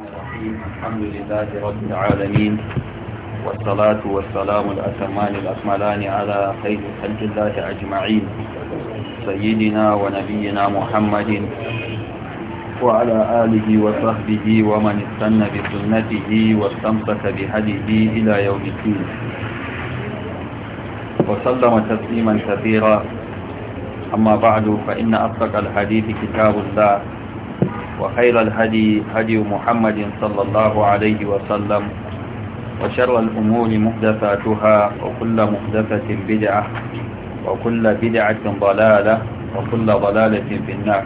الرحمن الرحيم الحمد لله رب العالمين والصلاة والسلام الأتمان الأكملان على خير خلق الله أجمعين سيدنا ونبينا محمد وعلى آله وصحبه ومن استنى بسنته واستمسك بهديه إلى يوم الدين وسلم تسليما كثيرا أما بعد فإن أصدق الحديث كتاب الله وخير الهدي هدي محمد صلى الله عليه وسلم وشر الأمور محدثاتها وكل محدثة بدعة وكل بدعة ضلالة وكل ضلالة في النار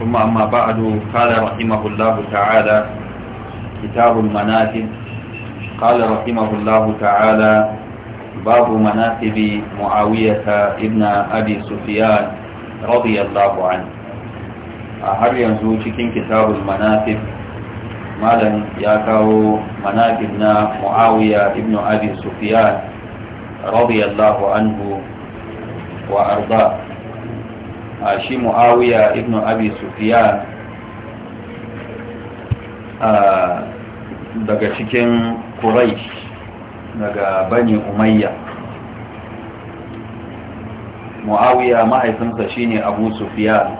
ثم أما بعد قال رحمه الله تعالى كتاب المناكب قال رحمه الله تعالى باب مناكب معاوية ابن أبي سفيان رضي الله عنه a har yanzu cikin kitabul manafif malam ya kawo manafif na muawiya ibn abi sufyan radiyallahu anhu wa arda a shi muawiya ibn abi sufyan daga cikin quraish daga bani umayya muawiya mahaifinsa shine abu sufyan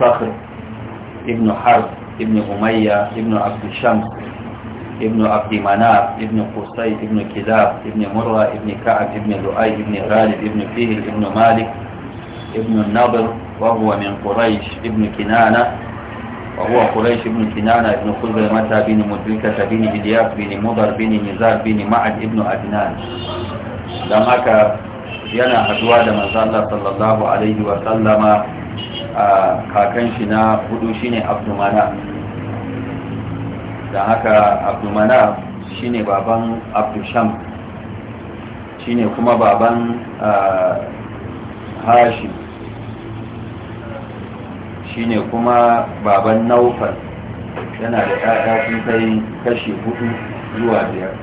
sakhr ابن حرب ابن أمية ابن عبد الشمس ابن عبد مناف ابن قصي ابن كذاب ابن مرة ابن كعب ابن لؤي ابن غالب ابن فيهل ابن مالك ابن النضر وهو من قريش ابن كنانة وهو قريش بن كنانة بن خزرمة بن مدركة بن إلياس بن مضر بن نزار بن معد بن أدنان لما كان ينا أدواد من صلى الله عليه وسلم a kakan shi na hudu shine abdumana da haka abdumana shine baban abdusham shine kuma baban hashim shine kuma baban naufar yana da ƙaƙa sun kai kashi hudu zuwa biyar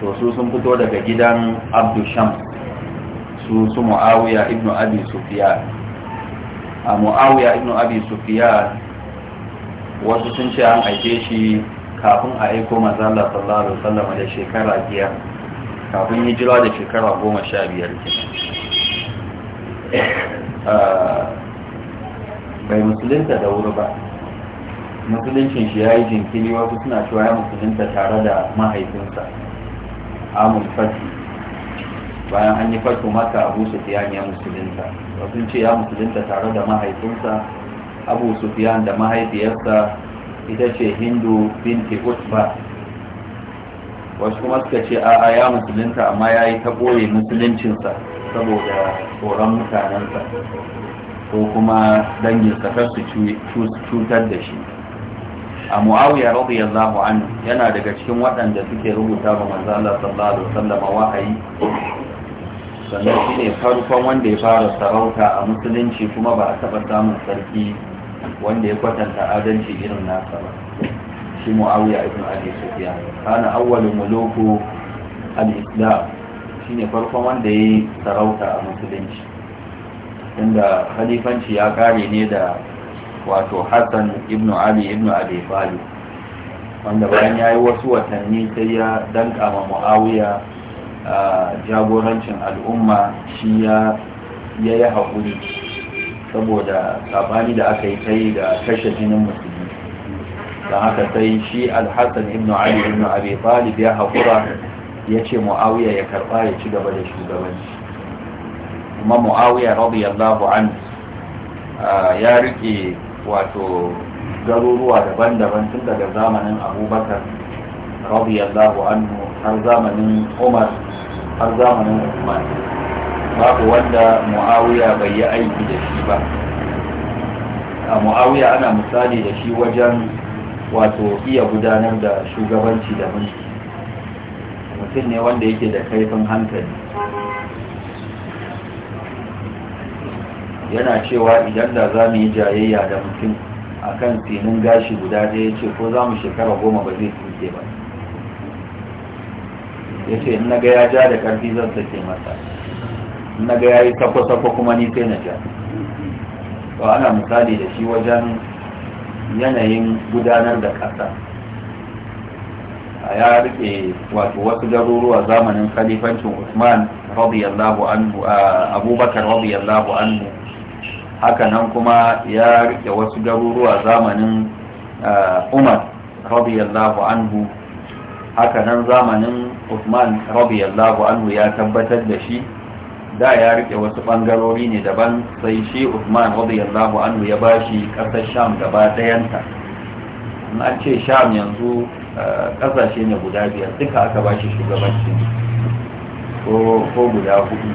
to su sun fito daga gidan abdusham su su mu'awiya ibnu abi sufiya a mu'awiya ibn abi sufiyar wasu sun ce an aike shi kafin a aiko mazala sallallahu alaihi wasallam da shekara biyar kafin yi jira da shekara goma sha biyar ah, bai musulinta da wuri ba musuluncin shi ya yi jinkiri wasu suna cewa ya musulunta tare da mahaifinsa amul fasi bayan an yi farko maka abu sufiyan ya musulunta sun ce ya musulunta tare da mahaifinsa abu sufiyan da mahaifiyarsa ita ce hindu binti utba wasu kuma suka ce a'a ya musulunta amma ya yi ta ɓoye musuluncinsa saboda tsoron mutanensa ko kuma danginsa kar su cutar da shi a muawiya radiyallahu anhu yana daga cikin waɗanda suke rubuta ba manzo sallallahu alaihi wahayi sannan shi ne farkon wanda ya fara sarauta a musulunci kuma ba a taɓa samun sarki wanda ya kwatanta adalci irin nasa ba shi mu'awiya ibn abi sufyan kana awwalul muluku al-islam shine farkon wanda yayi sarauta a musulunci inda khalifanci ya kare ne da wato Hassan ibn Ali ibn Abi Talib wanda bayan yayi wasu watanni sai ya danka ma Muawiya jagorancin al'umma shi ya yi haƙuri saboda sabani da aka yi ta yi da kashe jinin musulmi don haka sai shi alhassan ibn ali ibn abi talib ya haƙura ya ce mu'awiya ya karɓa ya ci gaba da shugabanci kuma mu'awiya radiyallahu an ya riƙe wato garuruwa daban-daban tun daga zamanin abubakar radiyallahu anhu har zamanin umar har zamanin Usman babu wanda Muawiya bai yi aiki da shi ba a Muawiya ana misali da shi wajen wato iya gudanar da shugabanci da mulki mutum ne wanda yake da kaifin hankali yana cewa idan da za mu yi jayayya da mutum akan tsinin gashi guda ɗaya ce ko za mu shekara goma ba zai tuke ba ya ce in naga ya ja da ƙarfi zan sake masa in naga ya yi sako-sako kuma ni sai na ja to ana misali da shi wajen yanayin gudanar da ƙasa a ya rike wato wasu garuruwa zamanin kalifancin usman radiyallahu anhu abubakar radiyallahu anhu haka nan kuma ya rike wasu garuruwa zamanin umar radiyallahu anhu haka nan zamanin Uthman radiyallahu anhu ya tabbatar da shi da ya rike wasu bangarori ne daban sai shi Uthman radiyallahu anhu ya bashi kasar Sham gaba dayanta in an ce Sham yanzu kasashe eh, ne guda biyar duka aka bashi shugabanci ko guda hudu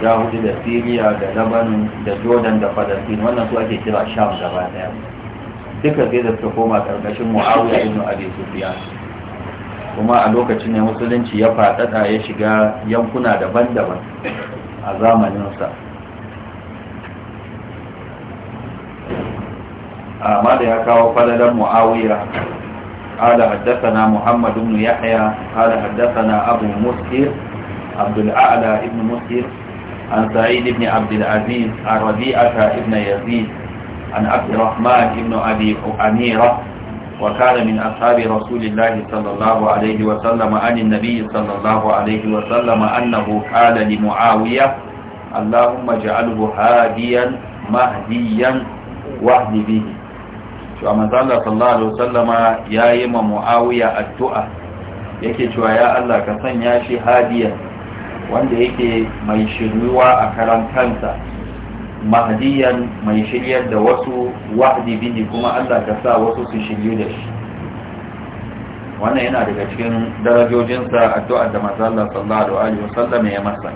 guda hudu da Syria da Lebanon da Jordan da Palestine wannan su ake kira Sham gaba daya duka sai da suka koma karkashin Muawiya ibn Abi Sufyan kuma a lokacin ne musulunci ya faɗaɗa ya shiga yankuna daban-daban a zamaninsa amma ya kawo fadadar mu'awiyya ala haddasa muhammad ibn yahya ala haddasa na abu muskir abdul'ala ibn muskir an sa'id ibn abdulaziz a rabi'ata ibn yazid an abdurrahman ibn abi amira وكان من أصحاب رسول الله صلى الله عليه وسلم عن النبي صلى الله عليه وسلم أنه قال لمعاوية اللهم اجعله هاديا مهديا واهد به cewa manzala yayi ma Muawiya addu'a yake cewa ya Allah ka sanya shi hadiya wanda yake mai shiruwa a karan kansa mahdiyan mai shiryar da wasu wahdi kuma Allah ka sa wasu su shiryu da shi wannan yana daga cikin darajojinsa addu'ar da manzo Allah sallallahu alaihi wasallam ya masa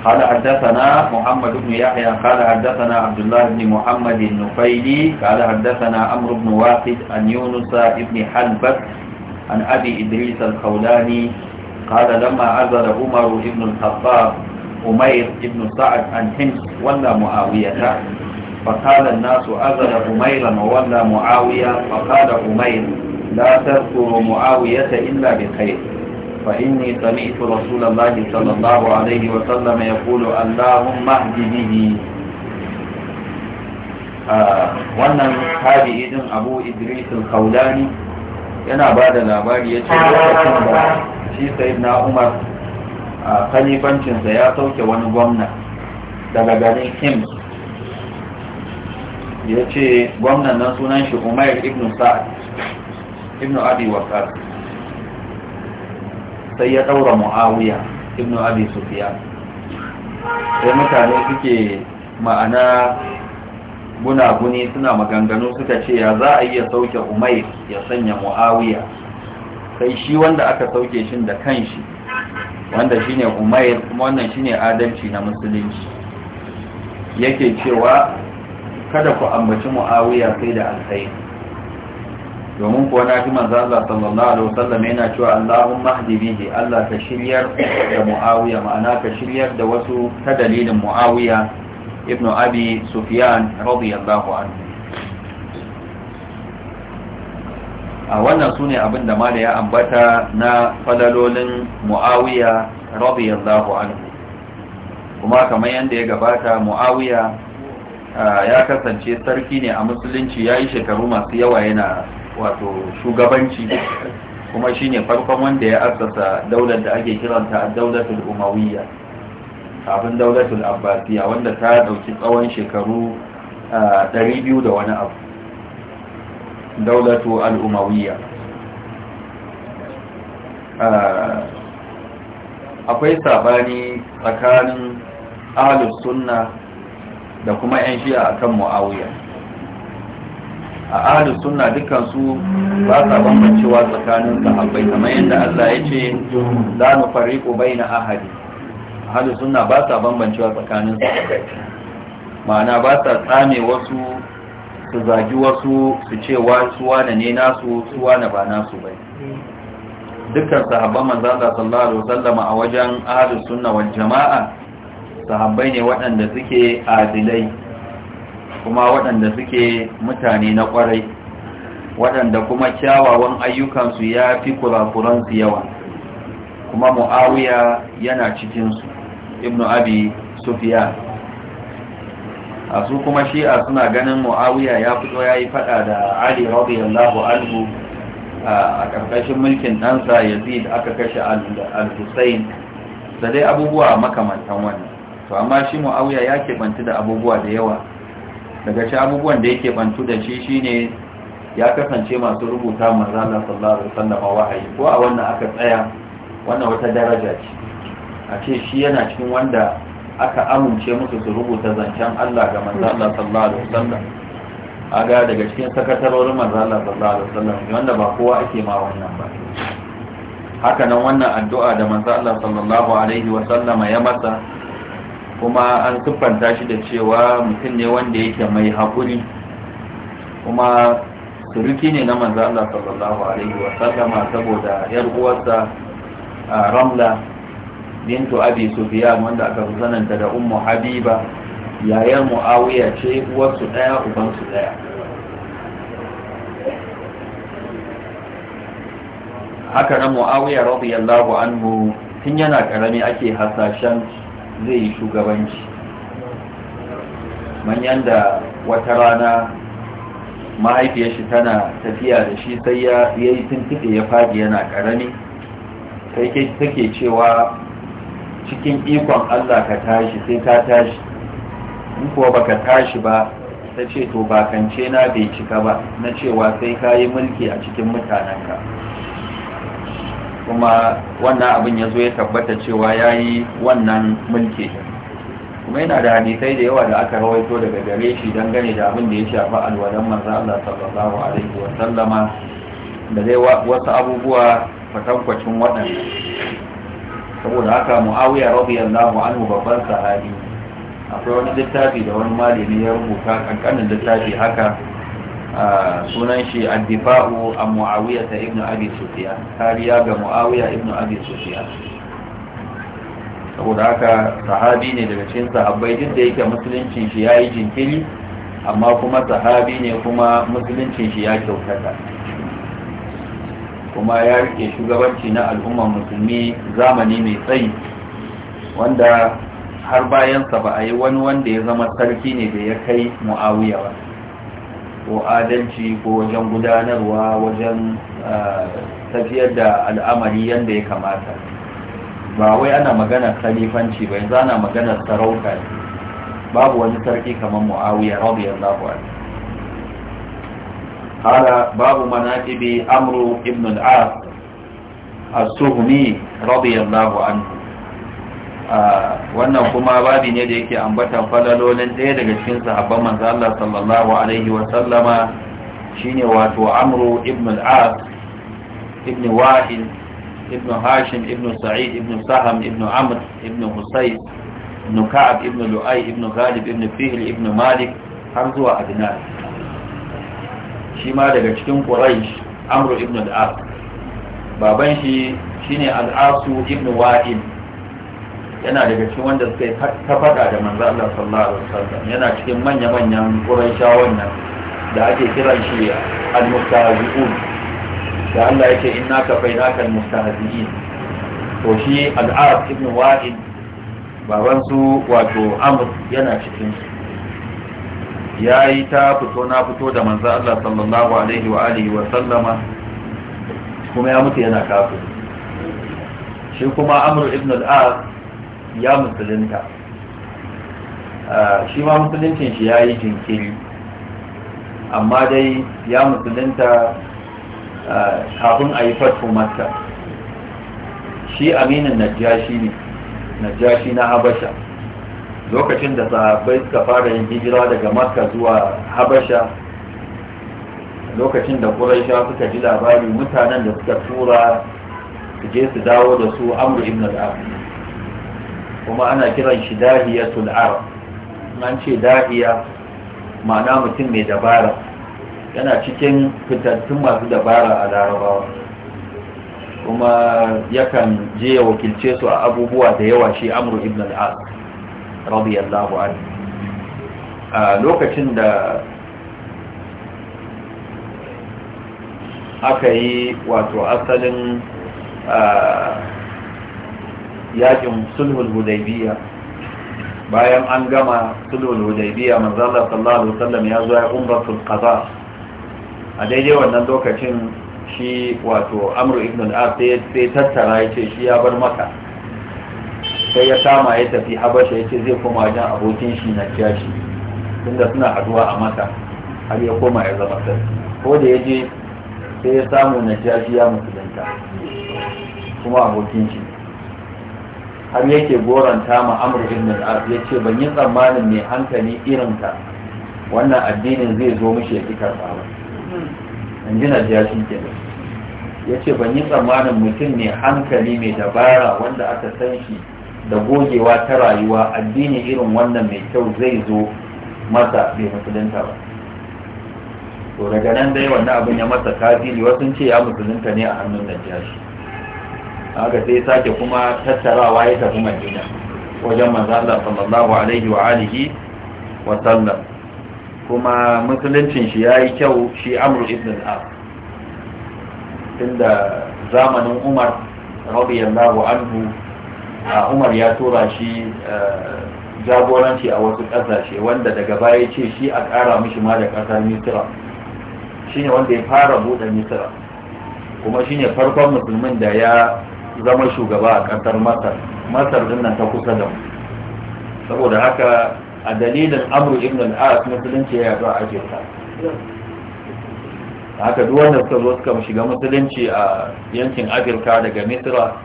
قال حدثنا محمد بن يحيى قال حدثنا عبد الله بن محمد النفيلي قال حدثنا عمرو بن واقد عن يونس بن حلبة عن أبي إدريس الخولاني قال لما عزل عمر بن الخطاب أمير بن سعد عن حمص ولا معاوية فقال الناس أذل أميرا ولا معاوية فقال أمير لا تذكر معاوية إلا بخير فإني سمعت رسول الله صلى الله عليه وسلم يقول اللهم اهد به wannan tabi'i din abu idris al-kaulani yana ba da labari ya lokacin da shi sayyidina umar A kalifancinsa ya sauke wani gwamna daga garin hims ya ce gwamnan nan sunan shi umar ibn sa'ad ibn abi waqas sai ya ɗaura muawiya ibn abi sufyan sai mutane suke ma'ana gunaguni suna maganganu suka ce ya za a iya sauke umar ya sanya muawiya sai shi wanda aka sauke shi da kanshi wanda shine umair kuma wannan shine adalci na musulunci yake cewa kada ku ambaci muawiya sai da alkhairi domin kuwa na ji manzo Allah sallallahu alaihi wasallam yana cewa Allahumma hdi Allah ka shiryar da muawiya ma'ana ka shiryar da wasu ta dalilin muawiya ibnu abi sufyan radiyallahu anhu a wannan sune abin da mala ya ambata na falalolin muawiya radiyallahu anhu kuma kamar yadda ya gabata muawiya ya kasance sarki ne a musulunci ya yi shekaru masu yawa yana wato shugabanci kuma shine farkon wanda ya assasa daular da ake kiranta daulatul umawiyya abin daulatul abbasiya wanda ta dauki tsawon shekaru 200 da wani abu daulatu al'umawiyya akwai sabani tsakanin ahlus sunna da kuma 'yan a kan mu'awiya a ahlus sunna dukansu ba sa bambancewa tsakanin sahabbai kamar yadda Allah ya ce za mu fariqu na ahadi ahlus sunna ba sa bambancewa tsakanin sahabbai ma'ana ba sa tsame wasu su zagi wasu su ce wasu wane ne nasu su wane ba nasu bai dukkan sahabban manzon sallallahu alaihi wasallam a wajen ahlus sunna wal jama'a sahabbai ne waɗanda suke adilai kuma waɗanda suke mutane na kwarai, waɗanda kuma kyawawan ayyukansu ya fi kurakuransu yawa kuma mu'awiya yana cikinsu ibnu abi Sufiya. a su kuma shi'a suna ganin muawiya ya fito ya yi fada da ali radiyallahu anhu a ƙarƙashin mulkin ɗansa yazid aka kashe al-hussein da dai abubuwa makamantan wannan to amma shi muawiya ya bantu da abubuwa da yawa daga shi abubuwan da ya bantu da shi ne ya kasance masu rubuta manzana sallallahu sallama wahayi ko a wannan aka tsaya wannan wata daraja ce a ce shi yana cikin wanda aka amince musu su rubuta zancen Allah ga manzo Allah sallallahu alaihi wasallam aga daga cikin sakatarorin manzo Allah sallallahu alaihi wasallam wanda ba kowa ake ma wannan ba haka nan wannan addu'a da manzo Allah sallallahu alaihi wasallama ya masa kuma an siffanta shi da cewa mutum ne wanda yake mai haƙuri kuma suruki ne na manzo Allah sallallahu alaihi wasallama saboda yar uwarsa Ramla bintu abi Sufiya wanda aka fi sananta da ummu habiba yayar muawiya ce uwarsu daya ubansu daya haka nan muawiya radiyallahu anhu tun yana karami ake hasashen zai yi shugabanci manyan da wata rana mahaifiyar shi tana tafiya da shi sai ya yi tuntuɗe ya fadi yana ƙarami sai take cewa cikin ikon Allah ka tashi sai ka tashi in kuwa baka tashi ba ta ce to bakance na bai cika ba na cewa sai ka yi mulki a cikin mutanenka kuma wannan abin ya zo ya tabbata cewa ya yi wannan mulki kuma yana da hadisai da yawa da aka rawaito daga gare shi dangane da abin da ya shafa alwalan manzo Allah sallallahu alaihi wa sallama da dai wasu abubuwa fatankwacin waɗannan saboda haka muawiya radiyallahu anhu babban sahabi akwai wani littafi da wani malami ya rubuta kankanin littafi haka sunan shi addifa'u a muawiya ta ibnu abi sufyan kariya ga muawiya ibnu abi sufyan saboda haka sahabi ne daga cikin sahabbai duk da yake musuluncin shi yayi jinkiri amma kuma sahabi ne kuma musuluncin shi ya kyautata kuma ya rike shugabanci na al'ummar musulmi zamani mai tsayi wanda har bayansa ba a yi wani wanda ya zama sarki ne da ya kai mu'awiya ba ko adalci ko wajen gudanarwa wajen ah, tafiyar da al'amari yadda ya kamata ba wai ana maganar khalifanci ba yanzu ana maganar sarauta babu wani sarki kamar mu'awiya radiyallahu anhu قال باب مناكب عمرو بن العاص السهمي رضي الله عنه wannan kuma babi ne da yake ambatan falalolin ɗaya daga cikin sahabban manzo Allah sallallahu alaihi wa sallama shine wato Amru ibn al-As ibn Wahil ibn Hashim ibn Sa'id ibn Saham ibn Amr ibn Husayn ibn Ka'ab ibn Lu'ay ibn Ghalib ibn Fihl ibn Malik har zuwa Adnan shi ma daga cikin quraish amru ibn al-as baban shi shine al-asu ibn wa'il yana daga cikin wanda suka ta faɗa da manzo Allah sallallahu alaihi wasallam yana cikin manya-manyan quraishawan wannan, da ake kiran shi al-mustahzi'un da Allah yake inna ka fainaka al-mustahzi'in to shi al-as ibn wa'il baban su wato amr yana cikin su ya yi ta fito na fito da manzan Allah sallallahu alaihi wa alihi wa sallama kuma ya mutu yana kafin shi kuma amur ibn al ya Musulinta. Ah, shi ma Musulincin shi ya yi jinkiri amma dai ya Musulinta ah, kafin a yi fatko mata shi aminin najashi ne najashi na habasha lokacin da sahabbai suka fara yin hijira daga makka zuwa habasha lokacin da ƙuraisha suka ji labari mutanen da suka tura su je su dawo da su amru ibn al kuma ana kiran shi "Dahiya arab an ce dahiya ma'ana mutum mai dabara yana cikin fitattun masu dabara a larabawa kuma yakan je ya wakilce su a abubuwa da yawa shi amru ibn al radiyallahu an a lokacin da aka yi wato asalin yakin sulhul hudaybiya bayan an gama sulhul hudaybiya manzala sallallahu alaihi wasallam ya zo ya umratul a daidai wannan lokacin shi wato amru ibn al-as sai tattara ya ce shi ya bar maka sai ya kama ya tafi habasha ya ce zai koma wajen abokin shi na jashi inda suna haduwa a maka har ya koma ya zama sarki ko da ya je sai ya samu na jashi ya musulunta kuma abokin shi har yake goranta ma amur ibn al ya ce ban yi tsammanin mai hankali irin ka wannan addinin zai zo mishi ya fi ba in ji na jashi kenan ya ce ban yi tsammanin mutum mai hankali mai dabara wanda aka san shi da gogewa ta rayuwa addini irin wannan mai kyau zai zo masa bai musulunta ba to daga nan dai wannan abin ya masa kafiri wasu ce ya musulunta ne a hannun najashi haka sai sake kuma tattarawa ya tafi madina wajen manzo Allah sallallahu alaihi wa alihi wa sallam kuma musuluncin shi yayi kyau shi amru ibn al-As tunda zamanin Umar radiyallahu anhu umar ya tura shi eh, jagoranci a wasu ƙasashe wanda daga baya ce shi a ƙara mishi ma da ƙasar misira shine wanda ya fara buɗe misira kuma shine farkon musulmin da ya zama shugaba a ƙasar masar masar din nan ta kusa da mu saboda haka a dalilin amru ibn al-as musulunci ya yaɗu a afirka haka duk wanda suka zo suka shiga musulunci a yankin afirka daga misira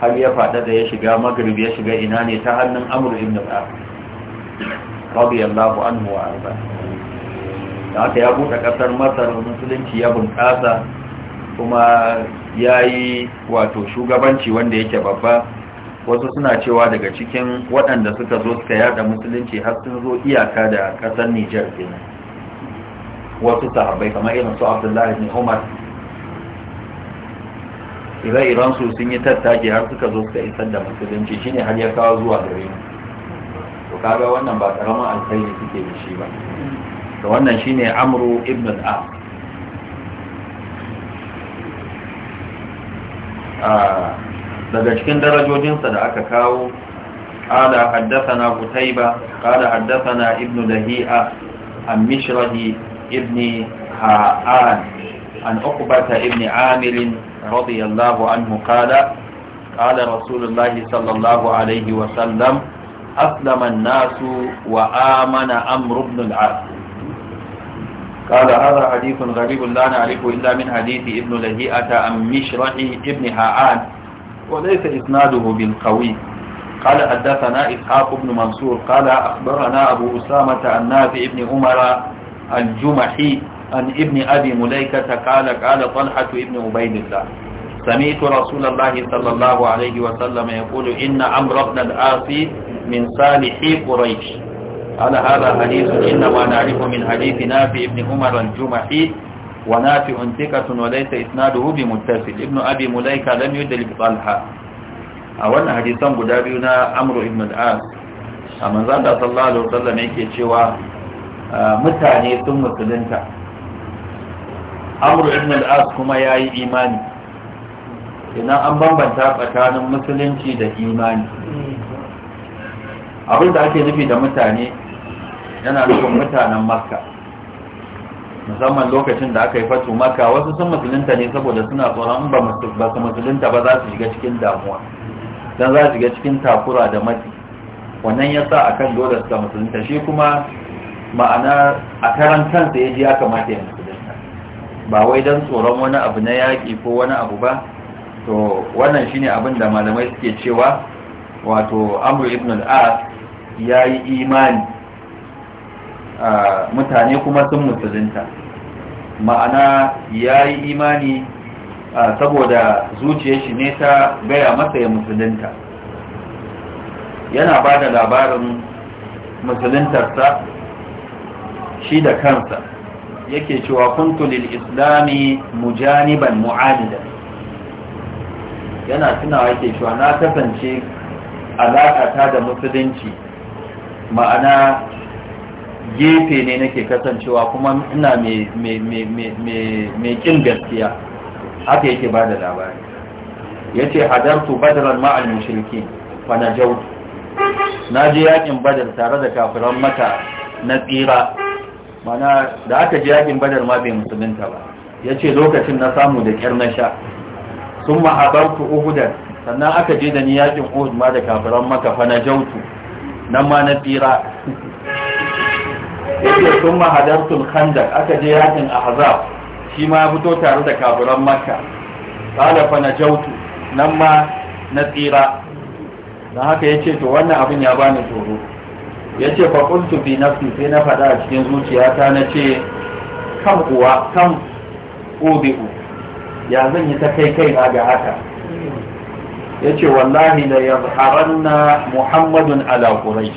har ya fada da ya shiga magrib ya shiga ina ne ta hannun amur ibn al radiyallahu anhu wa arda da haka ya buɗe ƙasar masar musulunci ya bunƙasa kuma ya yi wato shugabanci wanda yake babba wasu suna cewa daga cikin waɗanda suka zo suka yada musulunci har sun zo iyaka da ƙasar nijar kenan wasu sahabbai kamar irin su abdullahi bin umar ire-iren su sun yi tattaki har suka zo suka isar da musulunci shine har ya kawo zuwa gare mu to kaga wannan ba karamin alkhairi suke da shi ba to wannan shine amru ibn al-as ah, daga cikin darajojinsa da aka kawo قال حدثنا قتيبة قال حدثنا ابن لهيئة عن مشره ابن هاءان عن عقبة ابن عامر رضي الله عنه قال قال رسول الله صلى الله عليه وسلم أسلم الناس وآمن أمر بن العاص قال هذا حديث غريب لا نعرفه إلا من حديث ابن لهيئة عن مشرح ابن هاعان وليس إسناده بالقوي قال حدثنا إسحاق بن منصور قال أخبرنا أبو أسامة النافع بن عمر الجمحي عن ابن أبي مليكة قال قال طلحة ابن عبيد الله سمعت رسول الله صلى الله عليه وسلم يقول إن عمرو بن العاص من صالحي قريش قال هذا حديث إنما نعرفه من حديث نافع ابن عمر الجمحي ونافع ثقة وليس إسناده بمتصل ابن أبي مليكة لم يدرك طلحة أولا حديثا بدابينا عمرو بن العاص أما زاد صلى الله عليه وسلم يكي cewa mutane sun musulunta amru ibn al-as kuma yayi imani ina an bambanta tsakanin musulunci da imani abin da ake nufi da mutane yana nufin mutanen makka musamman lokacin da aka yi fatu makka wasu sun musulunta ne saboda suna tsoron ba su musulunta ba za su shiga cikin damuwa don za su shiga cikin takura da mati wannan ya sa a kan dole su musulunta shi kuma ma'ana a karan kansa ya ji ya kamata yanzu ba wai don tsoron wani abu na yaƙi ko wani abu ba to wannan shi ne abin da malamai suke cewa wato amur ibn al ya yi imani mutane kuma sun musulunta ma'ana ya yi imani saboda zuciyar shi ne ta gaya masa ya musulunta yana ba da labarin musuluntarsa shi da kansa yake cewa kuntulil islami mujaniban mu'amida. yana tunawa yake cewa na kasance alaƙata da musulunci ma'ana gefe ne nake kasancewa kuma ina mai ƙin gaskiya haka yake ba da labari ya ce hadartu badaran ma'al shirki, fana na je yakin badar tare da kafiran mata na tsira mana da aka ji yakin badar ma bai musulunta ba ya ce lokacin na samu da kyar na sha sun mahabarku uhudar sannan aka je da ni yakin uhud ma da kafiran maka fa na jautu nan ma na tsira ya ce sun mahadartun khandar aka je yakin ahzab shi ma ya fito tare da kafiran maka tsala fa na jautu nan ma na tsira don haka ya ce to wannan abin ya bani tsoro yace fa qultu bi sai na faɗa a cikin zuciyata na ce kan uwa ya zan yi ta kai kai na ga haka yace wallahi la yazharanna muhammadun ala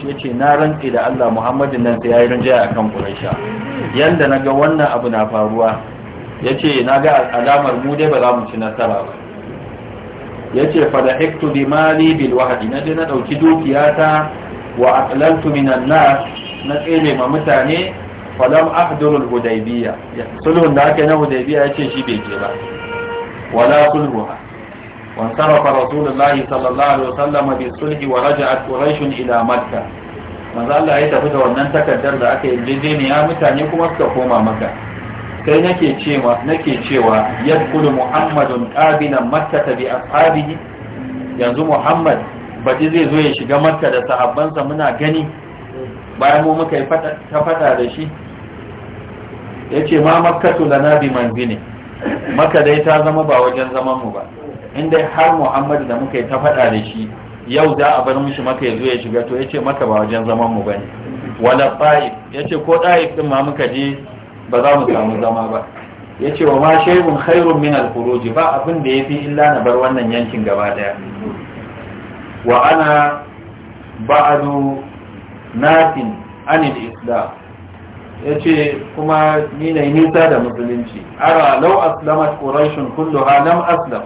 ya ce na rantsi da Allah muhammadun nan sai yi rinjaya akan yadda yanda ga wannan abu na faruwa yace naga alamar mu dai ba za mu ci nasara ba yace fa da hiktu bi mali bil wahadi na je na ɗauki dukiyata wa atlantu minan nas na tsere ma mutane falam ahdurul hudaybiya sulhun da aka yi na hudaybiya yace shi bai je ba wala sulhuha wa sarafa rasulullahi sallallahu alaihi wasallam bi sulhi wa raja'at quraish ila makkah manzo Allah ya tafi da wannan takardar da aka yi ne ya mutane kuma suka koma maka sai nake cewa nake cewa yadkhulu muhammadun qabilan makkah bi ashabihi yanzu muhammad baji zai zo ya shiga makka da sahabbansa muna gani bayan mu muka yi ta fada da shi ya ce ma makkatu lana bi manzini makka dai ta zama ba wajen zaman mu ba inda har muhammadu da muka yi ta fada da shi yau za a bar mishi maka ya zo ya shiga to ya ce maka ba wajen zaman mu bane wala ta'if ya ce ko ta'if din ma muka je ba za mu samu zama ba ya ce wa ma shaibun khairun min al ba abin da ya fi illa na bar wannan yankin gaba daya وأنا بعد ناس عن الإسلام yace kuma ni ne nisa da musulunci ara lau aslamat quraishun kulluha lam aslam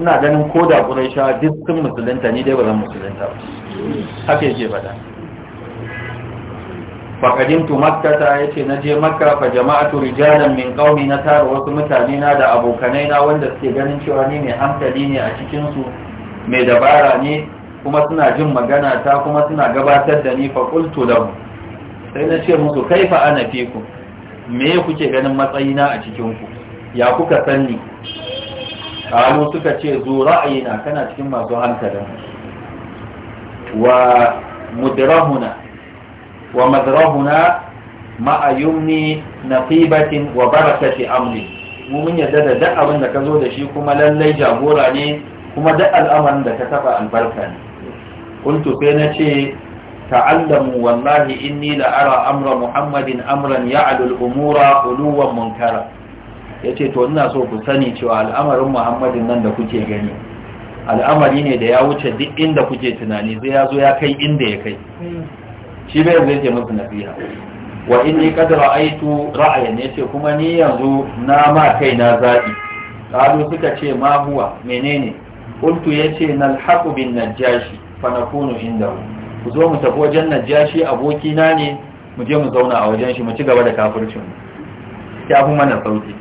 ina ganin koda quraisha duk sun musulunta ni dai ba zan musulunta ba haka yake faɗa faƙadintu makkata ya na je makka fa jama'atu rijalan min qaumi na tara wasu mutane na da abokanai na wanda suke ganin cewa ni mai hankali ne a cikin su mai dabara ne kuma suna jin magana ta kuma suna gabatar da ni fa qultu sai na ce musu kaifa ana fiku me kuke ganin matsayina a cikin ku ya kuka sanni kawo suka ce zo ra'ayina kana cikin masu hankalin wa mudrahuna wa madrahuna ma'a yumni naqibatin wa barakati amri mu mun yarda da da abin da ka zo da shi kuma lallai jagora ne kuma duk al'amarin da ka taba albarka ne kuntu sai na ce ta'allamu wallahi inni la'ara amra muhammadin amran ya'adul umura uluwan ya ce to ina so ku sani cewa al'amarin muhammadin nan da kuke gani al'amari ne da ya wuce duk inda kuke tunani zai ya zo ya kai inda ya kai shi bai zai ce musu nasiha wa inni qad ra'aytu ra'ayan yace kuma ni yanzu na ma kai na zabi kalu suka ce ma huwa menene qultu yace nalhaqu bin najashi fa nakunu indahu ku zo mu tafi wajen najashi abokina ne mu je mu zauna a wajen shi mu ci gaba da kafircin ya fi mana sauki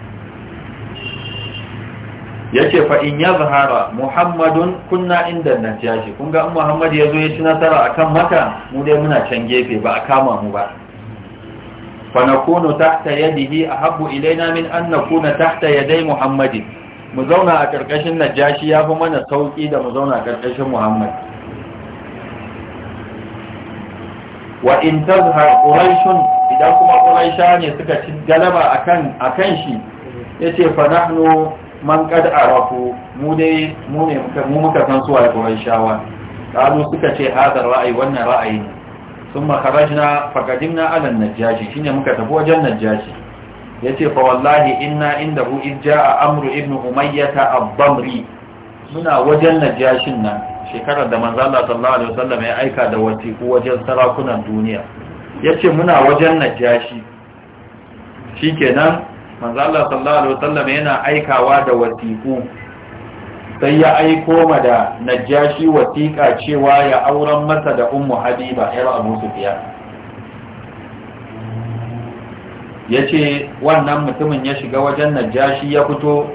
ya ce fa'in ya zahara muhammadun kunna inda najashi kun ga muhammad ya zo ya ci nasara a kan maka mu dai muna can gefe ba a kama mu ba Fanakuna na tahta yadihi a habu ilaina min an na kuna tahta yadai muhammadin mu zauna a ƙarƙashin najashi ya fi mana sauƙi da mu zauna a ƙarƙashin muhammad wa in tazhar quraishun idan kuma quraisha ne suka ci galaba akan akan shi yace fa nahnu man qad arafu mu dai mu ne mu muka san su wa quraishawa suka ce hadar ra'ayi wannan ra'ayi ثم خرجنا فقدمنا على najashi shine muka tafi wajen najashi yace fa wallahi inna indahu idja'a amru ibnu umayyah ad-damri muna wajen najashin nan shekarar da manzo Allah sallallahu alaihi wasallam ya aika da wasiku wajen sarakunan duniya yace muna wajen najashi shikenan manzo Allah sallallahu alaihi wasallam yana aikawa da wasiku sai ya aiko ma da najashi wasiƙa cewa ya auren masa da ummu habiba yar abu sufiya yace wannan mutumin ya shiga wajen najashi ya fito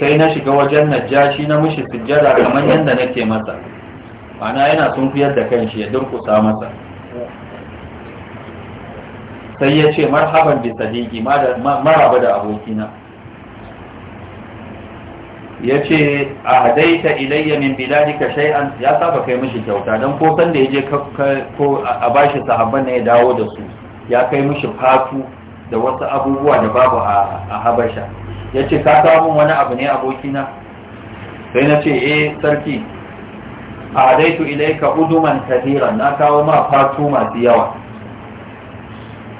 sai na shiga wajen najjashi na mushi sujjada kamar yadda nake masa ana yana fiyar da kanshi ya durkusa masa sai ya ce marhaban bi sadiki maraba da abokina ya ce a daita ilayya min biladika shay'an ya saba kai mishi kyauta don ko san da ya je ko a bashi sahabban ne ya dawo da su ya kai mishi fatu da wasu abubuwa da babu a habasha ya ce ka samu wani abu ne abokina sai na ce eh sarki a ilai ka uduman kabiran na kawo ma fatu masu yawa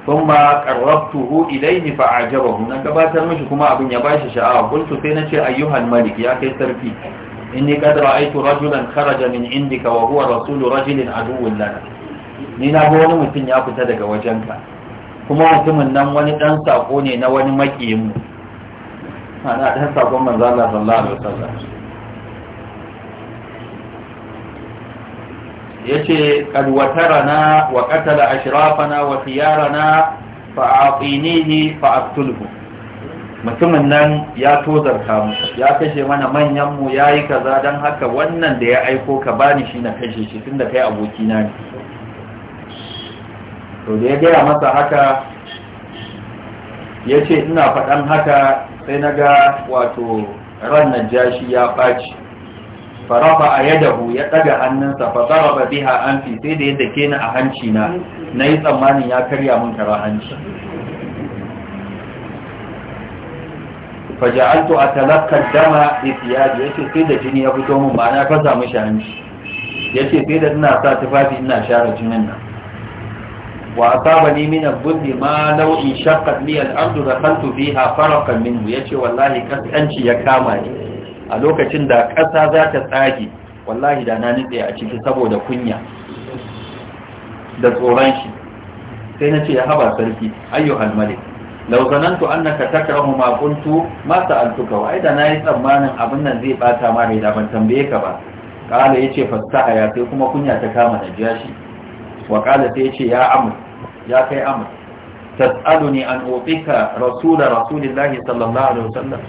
sun ma karrabtuhu ilaihi fa ajabahu na gabatar mishi kuma abin ya bashi sha'awa kultu sai na ce ayyuhan malik ya kai sarki inni qad ra'aytu rajulan kharaja min indika wa huwa rasulu rajulin aduwwin lana ni na ga wani mutum ya fita daga wajenka kuma mutumin nan wani dan sako ne na wani makiyin mu ana ɗan sakon manzo Allah sallallahu alaihi wasallam yace kad watarana wa qatala ashrafana wa khiyarana fa a'tinihi fa aqtulhu mutumin nan ya tozarta mu ya kashe mana manyan mu yayi kaza dan haka wannan da ya aiko ka bani shi na kashe shi tunda kai aboki na ne to da ya gaya masa haka yace ina faɗan haka sai na ga wato ran jashi ya ɓaci faraba a yadahu ya ɗaga hannunsa fasara ba biha an fi sai da yadda ke na a hanci na na yi tsammanin ya karya min kara hanci faja'altu a talakkar dama isiyaji ya ce sai da jini ya fito mun ba na fasa mishi hanci ya ce sai da ina sa tufafi ina share jinin nan wasabani min al-buddi ma nau'i shaqqat li al-ardu dakhaltu fiha farqan minhu yace wallahi kasanci ya kama ni a lokacin da ƙasa za ta tsage wallahi da na nitse a ciki saboda kunya da tsoron shi sai na ce ya haba sarki ayyo al-malik law zanantu annaka takrahu ma kuntu ma sa'altuka da na yi tsammanin abin nan zai bata ma da ban tambaye ka ba kala yace fasaha ya sai kuma kunya ta kama da jashi wa qala sai yace ya kai amr tas'aluni an utika rasul rasulillahi sallallahu alaihi wasallam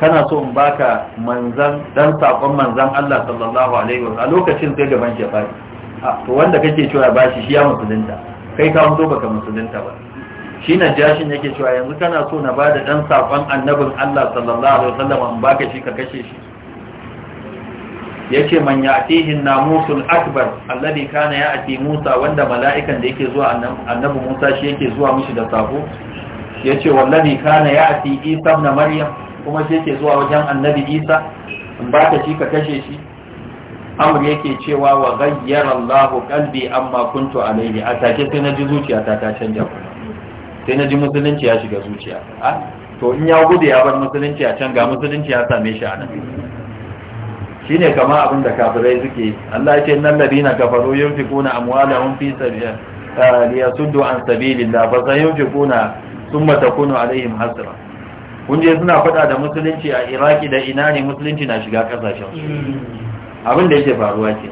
kana so in baka manzan dan sakon manzan Allah sallallahu alaihi a lokacin sai gaban shi to wanda kake cewa bashi shi ya musulunta kai ka baka musulunta ba shi na jashin yake cewa yanzu kana so na bada dan sakon annabin Allah sallallahu alaihi wasallam in baka shi ka kashe shi yace man ya'tihi an-namusul akbar alladhi kana ya'ti Musa wanda mala'ikan da yake zuwa annabi Musa shi yake zuwa mishi da sako yace wallahi kana ya'ti Isa ibn Maryam kuma shi yake zuwa wajen annabi Isa in ba ka shi ka kashe shi amr yake cewa wa ghayyara Allahu qalbi amma kuntu alayhi atake sai na ji zuciyata ta canja sai na ji musulunci ya shiga zuciya ah, to in ya gudu ya bar musulunci a can ga musulunci ya same shi a nan Shi ne kama abin da kafirai suke Allah ya ce innal ladina kafaru fi yunfiquna amwalahum fi sabili liyasuddu an fi kuna sayunfiquna thumma a alaihim hasra kun je suna faɗa da musulunci a Iraki da ina ne musulunci na shiga kasashen hmm. abin da yake faruwa ke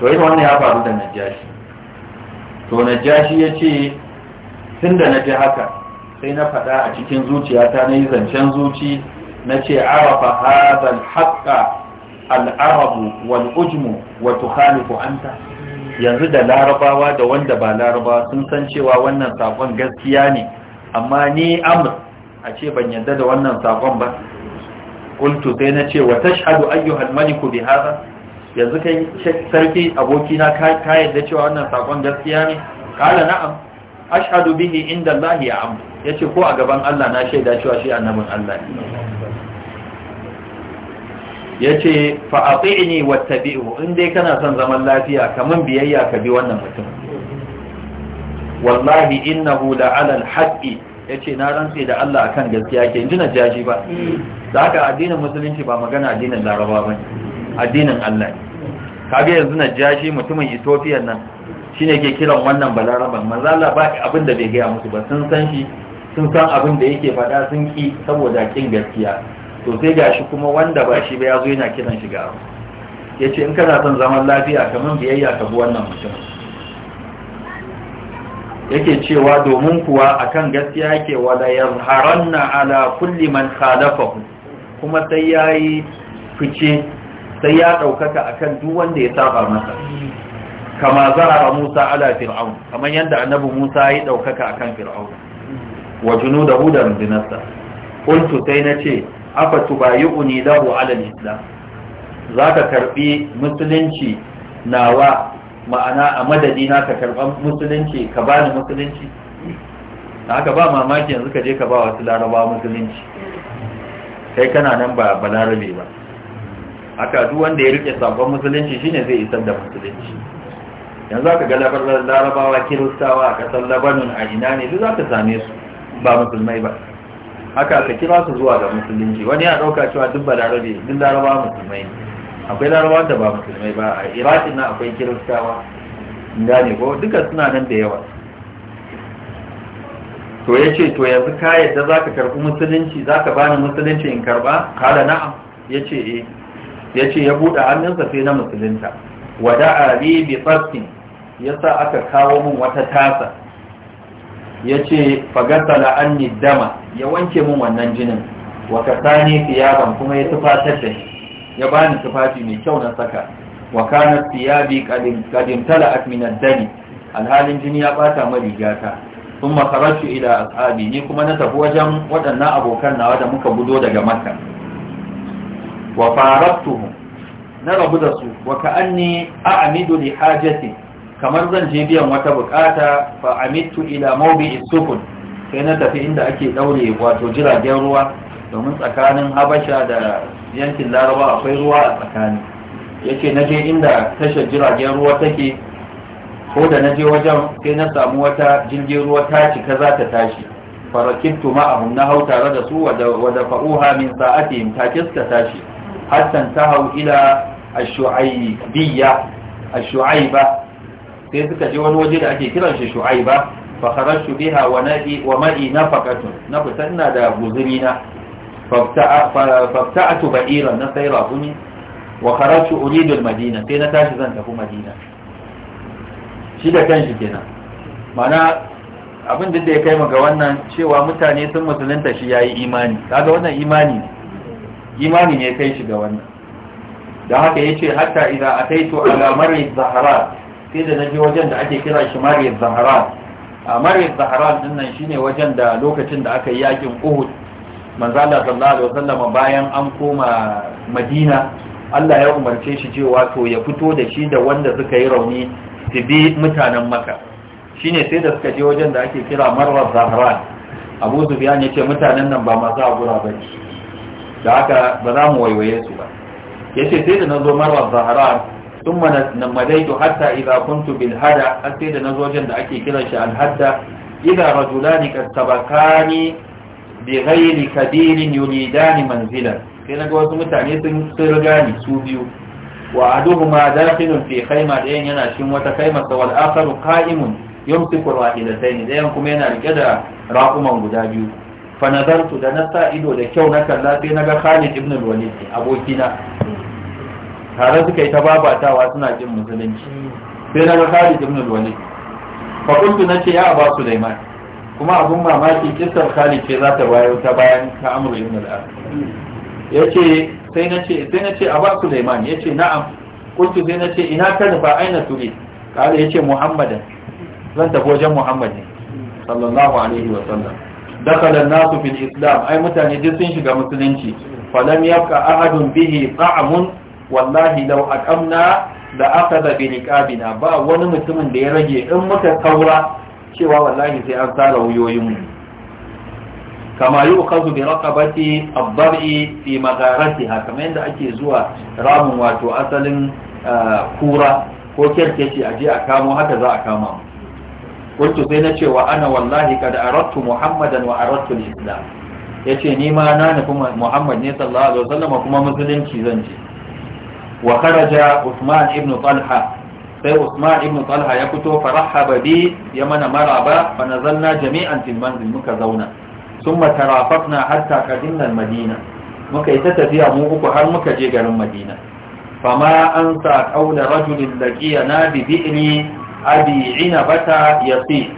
to yi wannan ya faru da Najashi to Najashi ya ce tun da na ji haka sai na faɗa a cikin zuciyata na yi zancen zuci na ce arafa hazal haqqa al'arabu wal'ujmu ujmu wa anta yanzu da larabawa da wanda ba larabawa sun san cewa wannan sakon gaskiya ne amma ni amr a ce ban yadda da wannan sakon ba qultu sai na ce wa tashhadu ayyuhal maliku bi hadha yanzu kai sarki abokina ka yadda cewa wannan sakon gaskiya ne kala na'am ashhadu bihi inda Allah ya ce ko a gaban Allah na shaida cewa shi annabin Allah ne ya ce ne wata bi'u in dai kana son zaman lafiya kamar biyayya ka bi wannan mutum wallahi innahu alal haƙi ya ce na rantse da Allah a kan gaskiya ke ji na jaji ba da haka addinin musulunci ba magana addinin laraba ba addinin Allah kage yanzu na jaji mutumin ethiopia nan shine ke kiran wannan balaraban mazala ba abin da bai gaya musu ba sun san shi sun san abin da yake faɗa sun ki saboda kin gaskiya to sai shi kuma wanda ba shi ba ya zo yana kiran shi ga abu ya ce in kana son zaman lafiya kamar biyayya ka bi wannan mutum yake cewa domin kuwa akan gaskiya yake wala na ala kulli man khalafahu kuma sai ya yi fice sai ya a akan duk wanda ya saba masa kama zahara Musa ala fir'aun kamar yadda annabi Musa ya ɗaukaka akan fir'aun wa junu da rundunarsa qultu sai ce. afa tubayi'uni lahu ala al-islam zaka karbi musulunci nawa ma'ana a madadi na ka karban musulunci ka bani musulunci haka ba mamaki yanzu ka je ka ba wasu laraba musulunci kai kana nan ba balarabe ba haka duk wanda ya rike sabon musulunci shine zai isar da musulunci yanzu aka ga larabawa kiristawa a kasar labanin a ina ne duk za ka same su ba musulmai ba haka aka kira su zuwa ga musulunci wani ya ɗauka cewa duk ba larabe duk laraba musulmai ne akwai laraba da ba musulmai ba a iraki na akwai kiristawa gane ko duka suna nan da yawa to ya ce to yanzu ka yadda za ka karɓi musulunci za ka bani musulunci in karɓa kala na'am ya ce eh ya ce ya buɗe hannunsa sai na musulunta wada a bi bi ya sa aka kawo min wata tasa ya ce fagasala an ni dama ya wanke min wannan jinin wa kasani siyaban kuma ya tufatar da ya bani tufafi mai kyau na saka wa kana siyabi qadin tala'at min ad alhalin jini ya bata min rigata kuma kharaju ila ashabi ni kuma na tafi wajen waɗannan abokan nawa da muka gudo daga makka wa faraftu na rabu da su wa ka'anni a'midu li hajati kamar zan je biyan wata bukata fa amittu ila mawdi'is sufun sai na tafi inda ake daure wato jiragen ruwa domin tsakanin habasha da yankin laraba akwai ruwa a tsakani yace na je inda tashar jiragen ruwa take ko da na je wajen sai na samu wata jirgin ruwa ta cika za ta tashi farakittu ma'ahum na hau tare da su wada fa'uha min sa'atihim ta kiska tashi hatta ta hau ila ash-shu'aybiyya ash sai suka je wani waje da ake kiran shi shu'aiba fa kharajtu biha wa nadi wa ma'i nafaqatun na fita ina da guzuri na fafta'atu ba'iran na sai rahuni wa kharajtu uridu al-madina sai na tashi zan tafi madina shi da kanshi kenan mana abin da ya kai ga wannan cewa mutane sun musulunta shi yayi imani kaga wannan imani ne imani ne kai shi ga wannan da haka yace hatta idan ataitu ala marri zaharat sai da na je wajen da ake kira shi mariyar zaharan a mariyar zaharan din nan shine wajen da lokacin da aka yi yakin uhud Manzala, Allah sallallahu alaihi wasallam bayan an koma madina Allah ya umarce shi cewa to ya fito da shi da wanda suka yi rauni su bi mutanen maka shine sai da suka je wajen da ake kira marwar zaharan abu sufyan ya ce mutanen nan ba masu agura ba ne da haka ba za mu waiwaye su ba ya ce sai da na zo marwar zaharan ثم نمديت حتى إذا كنت بالهدى أكيد نزوجا لأكي كلا شيء الهدى إذا رجلان قد سبقان بغير كبير يريدان منزلا كنا قوات متعني سرقاني سوبيو وأحدهما داخل في خيمة دين يناشم وتخيمة والآخر قائم يمسك الراحلتين دين كمينا لكذا راقما مدابيو فنظرت دنسا إدو لكيو نكا لا تنقى خالد ابن الوليد أبو كنا tare suka yi ta babatawa suna jin musulunci sai na ga Khalid ibn al-Walid fa kuntu ce ya Aba Sulaiman kuma abun mamaki kissar Khalid ce za ta bayo ta bayan ka Amr ibn al-As yace sai na ce sai ce Aba Sulaiman yace na'am kuntu sai nace ina ka ba aina turi kare yace Muhammadan zan tafi wajen Muhammad ne sallallahu alaihi wa sallam dakhala an-nasu fil islam ai mutane duk sun shiga musulunci falam yabqa ahadun bihi ta'amun wallahi law aqamna da akhadha bi niqabina ba wani mutumin da ya rage in muka taura cewa wallahi sai an tsara wuyoyinmu kama yi ukazu bi raqabati ad-dar'i fi magharatiha kamar yadda ake zuwa ramin wato asalin ah, kura ko kerkeci a je a kamo haka za a kama mu kuntu sai na cewa ana wallahi kad aradtu muhammadan wa aradtu al-islam yace ni ma na nufi muhammad ne sallallahu alaihi wasallam kuma musulunci zan je wa kharaja Usman ibn Talha sai Usman ibn Talha ya fito farahaba bi ya mana maraba fa nazalna jami'an fil manzil muka zauna thumma tarafafna hatta qadimna al Madina muka yi ta tafiya mu uku har muka je garin Madina fama an sa qaula rajulin laqiyana bi bi'ni abi inabata yasi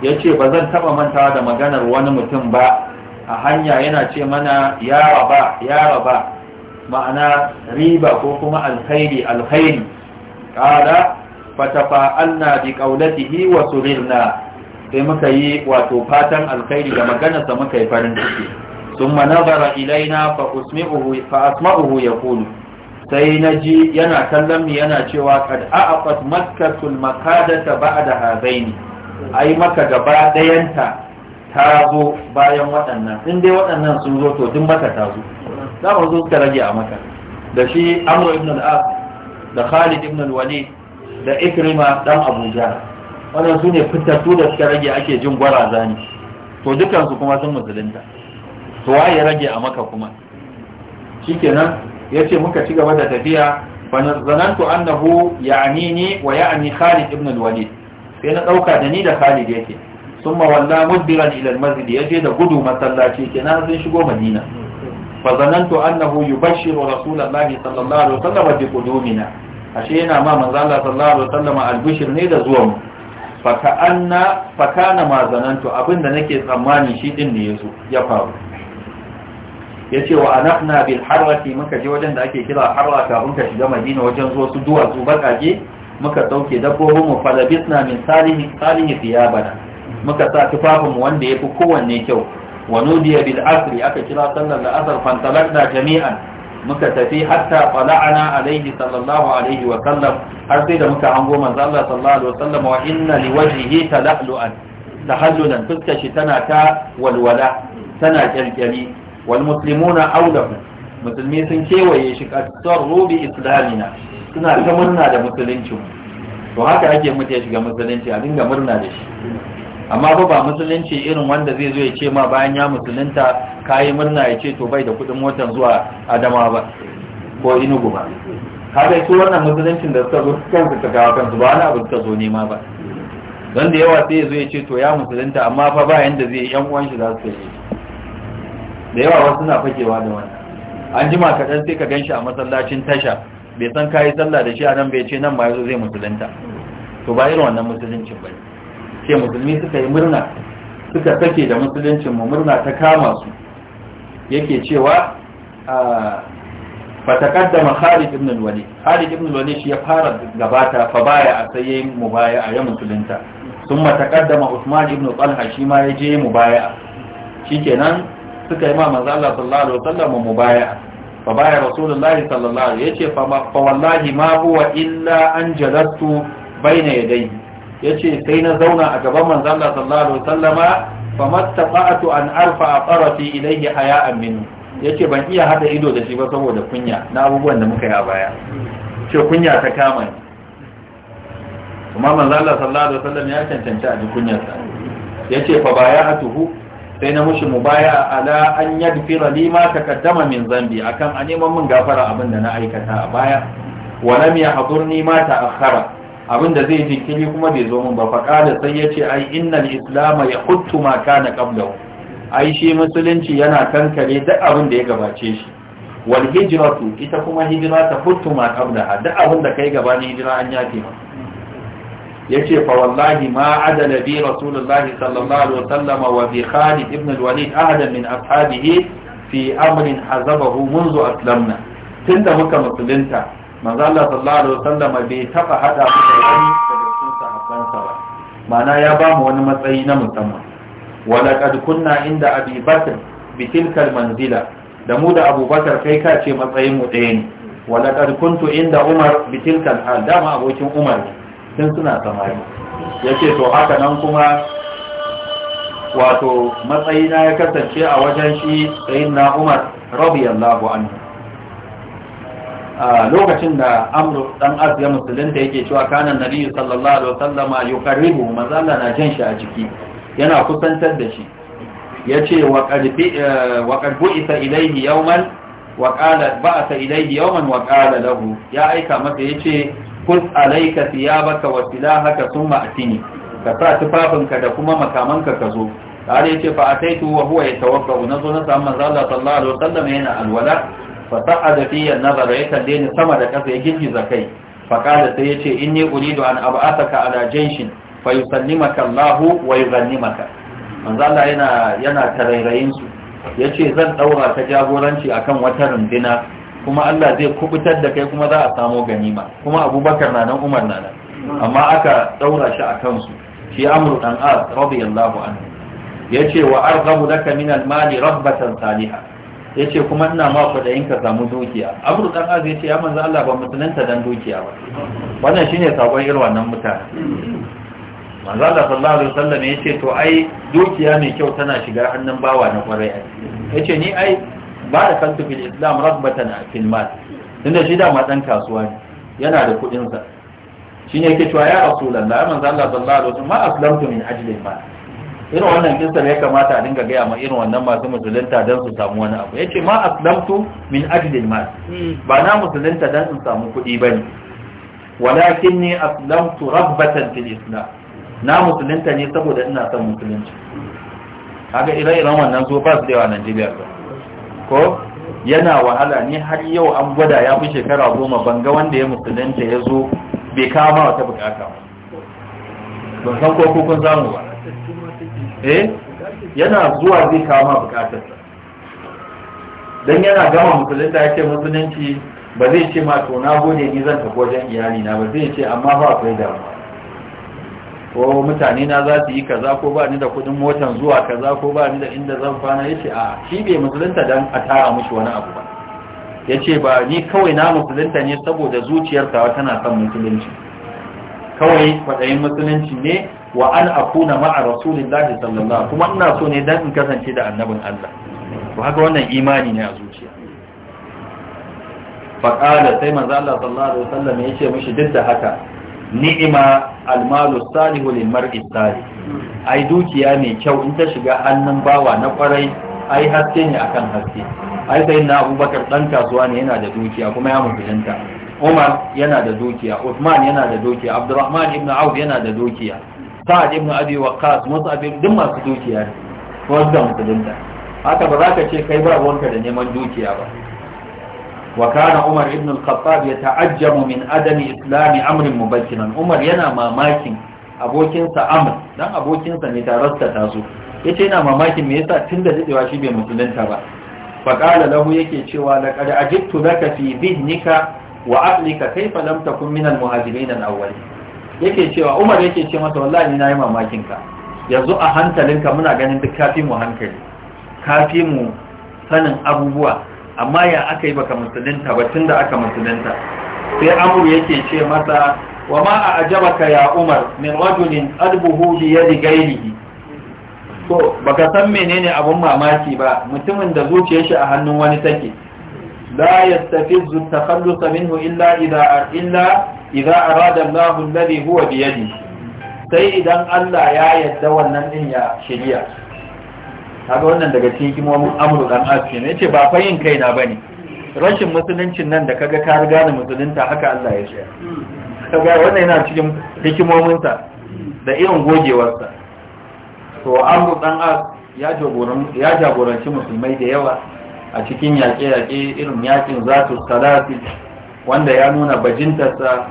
yace zan taba mantawa da maganar wani mutum ba a hanya yana ce mana ya raba ya raba ma'ana riba ko kuma alkhairi alkhairi fatafa fatafa'alna bi qaulatihi wa surirna sai muka yi wato fatan alkhairi da maganarsa muka yi farin ciki thumma nazara ilaina fa usmi'uhu fa asma'uhu yaqulu sai naji yana kallon mu yana cewa kad a'aqat makkatul makadata ba'da hadaini ai maka gaba dayanta ta zo bayan waɗannan in dai waɗannan sun zo to duk maka ta zo za mu zo suka rage a maka da shi amru ibn al-as da khalid ibn al-walid da ikrima dan abuja wannan su ne fitattu da suka rage ake jin gwaraza ne to dukansu kuma sun musulunta to waye ya rage a maka kuma shikenan ya ce muka ci gaba da tafiya fanazanantu annahu ya'ni ni wa ya'ni khalid ibn al-walid sai na dauka da ni da khalid yake summa walla mudbiran ila al-masjid yaje da gudu masallaci kenan sun shigo madina فظننت أنه يبشر رسول الله صلى الله عليه وسلم بقدومنا أشينا ما من ذال صلى الله عليه وسلم البشر نيدا زوم فكأن فكان ما ظننت أبن نكي ثماني شيء يزو يفعل yace wa anahna bil harrati muka je wajen da ake kira harra kafin ka shiga madina wajen zuwa su duwatsu bakake muka dauke dabbobin mu falabitna min salihi salihi thiyabana muka sa tufafin wanda wanda yafi kowanne kyau wa nudiya bil asri aka kira sallar da asar fantalakna jami'an muka tafi hatta fala'ana alaihi sallallahu alaihi wa sallam har sai da muka hango manzo Allah sallallahu alaihi wa sallam wa inna li wajhihi talahluan tahallulan fuskar shi tana ta walwala tana kyalkyali wal muslimuna awdahu sun kewaye shi kasar rubi islamina suna ta murna da musulunci to haka ake mutu ya shiga musulunci a dinga murna da shi amma ba ba musulunci irin wanda zai zo ya ce ma bayan ya musulunta kayi murna ya ce to bai da kudin motar zuwa adama ba ko inugu ba Ka kaga su wannan musuluncin da suka zo kansu ta gawa kansu ba wani abu suka zo nema ba don da yawa sai ya zo ya ce to ya musulunta amma fa ba yanda zai yan uwan shi za su yi da yawa wasu na fakewa da wannan an jima kaɗan sai ka gan shi a masallacin tasha bai san kayi sallah da shi a nan bai ce nan ma yanzu zai musulunta to ba irin wannan musuluncin ba ne ce musulmi suka yi murna suka sake da musuluncin mu murna ta kama su yake cewa ah, fataqaddama Khalid ibn al-Walid Khalid ibn al-Walid shi ya fara gabata fa baya a sai yayin mubaya'a ya musulunta thumma taqaddama Uthman ibn Talha shi ma ya je mubaya'a shikenan suka yi ma manzo Allah sallallahu alaihi wasallam mubaya'a fa baya Rasulullah sallallahu alaihi yace fa wallahi ma huwa illa an jalastu baina yadayhi yace sai na zauna a gaban manzon Allah sallallahu alaihi wasallama famattaba'tu an arfa qarati ilayhi haya'an minhu yace ban iya hada ido da shi ba saboda kunya na abubuwan da muka yi a baya ce kunya ta kama ni kuma manzo Allah sallallahu alaihi wasallam ya cancanci a kunyar sa yace fa bayatuhu sai na mushi mubaya ala an yadfira li ma taqaddama min zambi akan a neman mun gafara abin da na aikata a baya wa lam yahdurni ma ta'akhkhara abin da zai kiri kuma bai zo min ba faƙada sai ya ce ai innal islama ya huttu ma kana qablahu ai shi musulunci yana kankare duk abin da ya gabace shi wal hijratu ita kuma hijira ta huttu ma qablaha duk abin da kai gabanin hijira an yafe ma yace fa wallahi ma adala bi rasulullahi sallallahu alaihi wasallam wa bi khalid ibn al-walid ahadan min ashabihi fi amrin hazabahu منذ aslamna tunda muka musulunta manzo Allah sallallahu alaihi wasallam bai taba hada mu da wani daga cikin sahabbansa ba mana ya ba mu wani matsayi na musamman wala qad kunna inda abi bakr bi tilkal manzila da mu da abubakar kai ka ce matsayin mu ɗaya ne wala qad kuntu inda umar bi tilkal hal dama abokin umar sun suna samari yace to haka nan kuma wato matsayi na ya kasance a wajen shi sayyidina umar radiyallahu anhu lokacin da amru dan asiya musulunta yake cewa kanan nabiyyu sallallahu alaihi wasallama yuqarribu manzo Allah na jan shi a jiki yana kusantar da shi yace wa qalbi eh, wa qalbu isa ilayhi yawman wa qala ba'atha ilayhi yawman wa qala lahu ya aika masa yace kus alayka thiyabaka wa silahaka thumma atini ka sa tufafinka da kuma makamanka ka zo tare yace fa ataitu wa huwa yatawaffa nazo na samu manzo sallallahu alaihi wasallama yana alwala fa da fi nazara ya kalle ni sama da ƙasa ya girgiza kai fa kada sai yace inni uridu an ab'athaka ala jayshin fa yusallimaka Allahu wa yuzannimaka manzo Allah yana yana tarairayin su yace zan daura ta jagoranci akan wata rundina kuma Allah zai kubutar da kai kuma za a samo ganima kuma Abubakar na nan Umar na nan amma aka daura shi a kansu. shi Amr dan As an anhu yace wa arghabu laka min al-mali rabbatan salihah ya ce kuma ina ma kwaɗayin ka samu dukiya abu ɗan azu ya ce ya manzan Allah ba musulunta don dukiya ba wannan shine sakon irin wannan mutane manzan Allah sallallahu alaihi wasallam ya ce to ai dukiya mai kyau tana shiga hannun bawa na kwarai ya ce ni ai ba da kantu fil islam rabbatan fil mal tunda shi dama dan kasuwa yana da kuɗinsa shi ne yake cewa ya rasulallah ya manzan Allah sallallahu alaihi wasallam ma aslamtu min ajli mal irin wannan kisar ya kamata a dinga gaya ma irin wannan masu musulunta don su samu wani abu ya ce ma aslamtu min ajilin mas hmm. ba na musulunta don su samu kuɗi ba ne walakin ne aslamtu rabbatan fil islam na musulunta ne saboda ina son musulunci haka ire-iren wannan so ba su da yawa najeriya ba ko yana wahala ne har yau an gwada ya fi shekara goma banga wanda ya musulunta ya zo bai kama wata bukata ba ban san ko kun samu ba eh yana zuwa zai kawo kama bukatarsa don yana gama musulunta ya ce musulunci ba zai ce ma to na gode ni zan tafi wajen iyali na ba zai ce amma ba akwai da ko mutane na za su yi kaza ko ba ni da kudin motan zuwa kaza ko ba ni da inda zan kwana yace a shi bai musulunta dan a tara mushi wani abu ba yace ba ni kawai na musulunta ne saboda zuciyarka tana son musulunci kawai matsayin musulunci ne wa an akuna ma'a rasulillahi sallallahu kuma ina so ne dan in kasance da annabin Allah Ba haka wannan imani ne a zuciya faqala sai manzo Allah sallallahu alaihi ya ce mashi duk da haka ni'ima almalu salihu lil mar'i ai dukiya mai kyau in ta shiga hannun bawa na kwarai ai haske ne akan haske ai sai na Abubakar ɗan kasuwa ne yana da dukiya kuma ya mutunta Umar yana da dukiya Uthman yana da dukiya Abdurrahman ibn Auf yana da dukiya Sa'ad ibn Abi Waqqas Mus'ab duk masu dukiya ne wasu da musulunta haka ba za ka ce kai ba wanka da neman dukiya ba wa kana Umar ibn al-Khattab ya ta'ajjamu min adami islami amrin mubakkiran Umar yana mamakin abokinsa Amr dan abokinsa ne tarasta ta su yace yana mamakin me yasa tunda dadewa shi bai musulunta ba fa qala lahu yake cewa laqad ajibtu laka fi dhihnika wa ahlika kaifa lam takun minal muhajirin al-awwal yake cewa Umar yake ce masa wallahi na yi mamakin ka yanzu a hankalinka muna ganin duk kafi mu hankali kafi mu sanin abubuwa amma ya aka yi baka musulunta ba tunda aka musulunta sai Amr yake ce masa wa ma a ajabaka ya Umar min rajulin adbuhu bi yadi ghairihi to baka san menene abun mamaki ba mutumin da zuciyar shi a hannun wani take لا يستفز التخلص منه إلا إذا, إلا إذا أراد الله الذي هو بيده Allah ya yadda wannan النمئن ya shirya. haka wannan daga cikin hikimomin amru dan afi ne ce ba fayin kaina bane rashin musuluncin nan da kaga ka riga da musulunta haka Allah ya shaya kaga wannan yana cikin hikimomin sa da irin gogewar sa to amru dan ya jagoranci musulmai da yawa a cikin yaƙe-yaƙe irin yaƙin zatu salati wanda ya nuna bajintarsa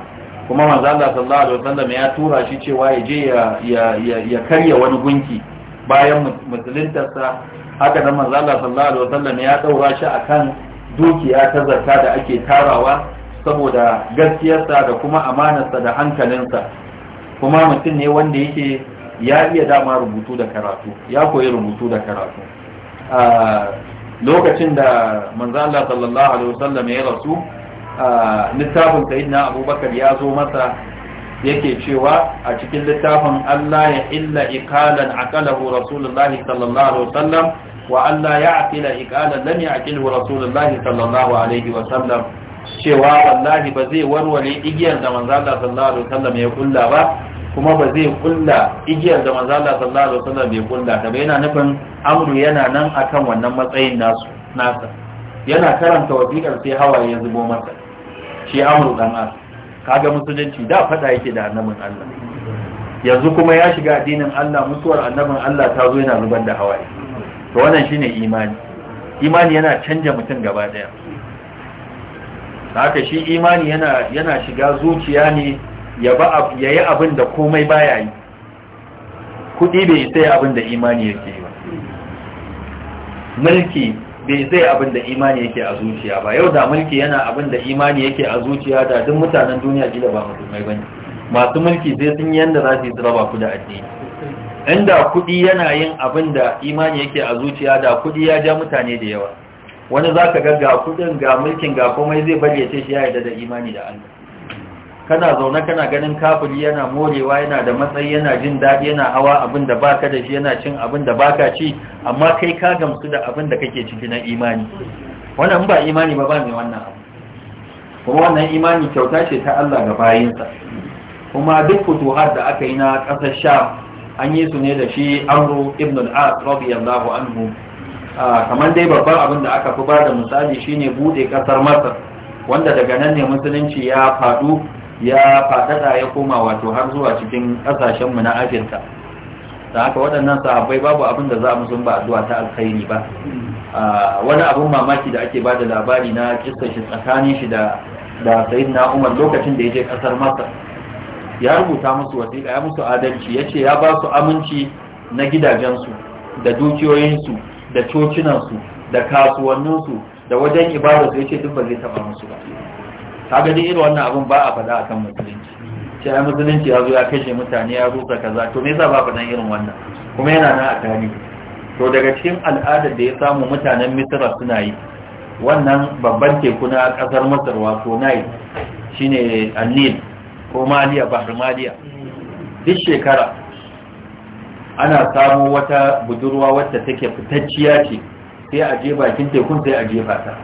kuma manzo sallallahu alaihi wasallam ya tura shi cewa ya je ya karya wani gunki bayan musuluntarsa haka nan manzo sallallahu alaihi wasallam ya daura shi akan dukiya ta zakka da ake tarawa saboda gaskiyarsa da kuma amanarsa da hankalinsa kuma mutum ne wanda yake ya iya dama rubutu da karatu ya koyi rubutu da karatu ah, lokacin da manzan Allah sallallahu alaihi wasallam ya rasu littafin sayyidina abubakar ya zo masa yake cewa a cikin littafin Allah ya illa ikalan aqalahu rasulullahi sallallahu alaihi wasallam wa Allah ya aqila ikalan lam ya'qilhu rasulullahi sallallahu alaihi wasallam cewa wallahi ba zai warware igiyar da manzan Allah sallallahu alaihi wasallam ya kulla ba kuma ba zai kulla igiyar da maza Allah sallallahu alaihi wasallam bai kulla ta bai yana nufin amru yana nan akan wannan matsayin nasu nasa yana karanta wasiƙar sai hawaye ya zubo masa shi amru dan as kaga musulunci da fada yake da annabin Allah yanzu kuma ya shiga addinin Allah mutuwar annabin Allah ta zo yana zubar da hawaye to wannan shine imani imani yana canja mutum gaba daya haka shi imani yana yana shiga zuciya ne ya ba ya yi abin da komai baya yi kuɗi bai sai abin da imani yake ba mulki bai sai abin da imani yake a zuciya ba yau da mulki yana abin da imani yake a zuciya da duk mutanen duniya gida ba mai bane masu mulki sai sun yanda za su yi raba ku da addini inda kuɗi yana yin abin da imani yake a zuciya da kuɗi ya ja mutane da yawa wani za ka ga ga kuɗin ga mulkin ga komai zai bar ya ce shi ya yarda da imani da Allah kana zaune kana ganin kafuri yana morewa yana da matsayi yana jin daɗi yana hawa abin da baka da shi yana cin abin da baka ci amma kai ka gamsu da abin da kake ciki na imani wannan ba imani ba ba mai wannan abu kuma wannan imani kyauta ce ta Allah ga bayinsa kuma duk fituhar da aka yi na ƙasar sha an yi su ne da shi amru ibn al-as radiyallahu anhu kamar dai babban abin da aka fi ba da misali shine bude ƙasar masar wanda daga nan ne musulunci ya faɗu ya fadada ya koma wato har zuwa cikin kasashen mu na Afirka da haka waɗannan sahabbai babu abin da za mu sun ba addu'a ta alkhairi ba wani abin mamaki da ake ba da labari na kissa shi tsakanin shi da da sayyidina Umar lokacin da ya je kasar Masar ya rubuta musu wasiƙa ya musu adalci ya ce ya ba su aminci na gidajensu da dukiyoyinsu da cocinansu da kasuwanninsu da wajen ibadarsu ya ce duk ba zai taɓa musu ba kaga dai irin wannan abin ba a faɗa akan musulunci sai ai musulunci ya zo ya kashe mutane ya rusa kaza to me yasa ba faɗan irin wannan kuma yana nan a tarihi to daga cikin al'adar da ya samu mutanen misira suna yi wannan babban teku na kasar masar wato nai shine annil ko maliya bahar maliya duk shekara ana samu wata budurwa wacce take fitacciya ce sai a je bakin tekun sai a jefa ta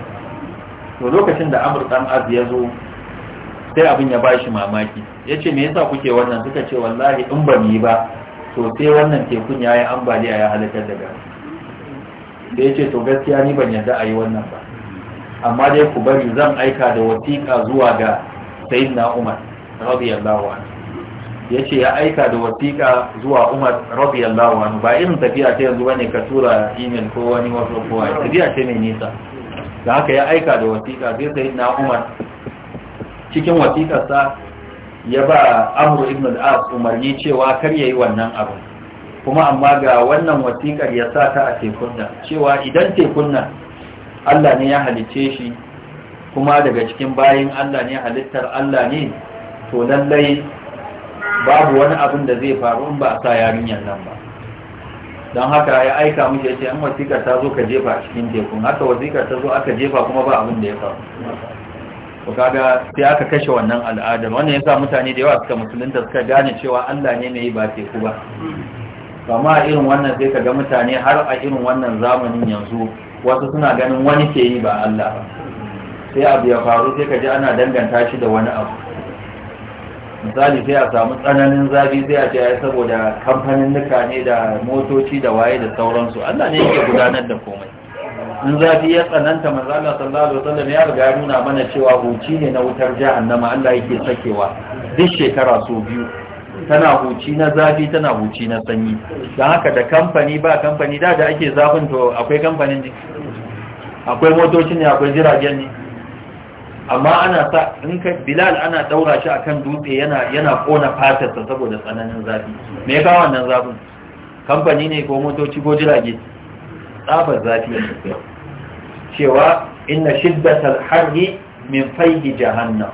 to lokacin da amur dan az ya zo sai abin ya bashi mamaki ya ce me yasa kuke wannan suka ce wallahi in ba mu yi ba to sai wannan tekun ya yi ambaliya ya halakar da gari da ya ce to gaskiya ni ban yadda a yi wannan ba amma dai ku bari zan aika da wasiƙa zuwa ga na umar radiyallahu anhu ya ce ya aika da wasiƙa zuwa umar radiyallahu anhu ba irin tafiya ta yanzu bane ka tura email ko wani wasu kowa tafiya ce mai nisa da haka ya aika da wasiƙa sai sai na umar cikin wasiƙarsa ya ba amru ibn al-as umarni cewa kar yayi wannan abu kuma amma ga wannan wasiƙar ya sa ta a tekun nan cewa idan tekun nan Allah ne ya halicce shi kuma daga cikin bayin Allah ne halittar Allah ne to lallai babu wani abin da zai faru in ba a sa yarinyar nan ba don haka ya aika mishi ya ce an wasiƙa ta zo ka jefa a cikin tekun haka wasiƙa ta zo aka jefa kuma ba abin da ya faru Ku kaga sai aka kashe wannan al'adar wannan yasa mutane da yawa suka musulunta suka gane cewa Allah ne mai ba teku ba amma a irin wannan sai ka ga mutane har a irin wannan zamanin yanzu wasu suna ganin wani ke yi ba Allah ba sai abu ya faru sai ka ji ana danganta shi da wani abu misali sai a samu tsananin zafi sai a ce ya saboda kamfanin nuka ne da motoci da waye da sauransu Allah ne yake gudanar da komai in zafi ya tsananta manzala sallallahu alaihi wasallam ya riga ya nuna mana cewa huci ne na wutar jahannama Allah yake sakewa duk shekara so biyu tana huci na zafi tana huci na sanyi don haka da kamfani ba kamfani da da ake zafin to akwai kamfanin ne akwai motoci ne akwai jiragen ne amma ana sa in ka bilal ana daura shi akan dutse yana yana kona fatarsa saboda tsananin zafi me ya kawo wannan zafin kamfani ne ko motoci ko jirage tsabar zafi ne. cewa inna shiddatal harri min fayhi jahannam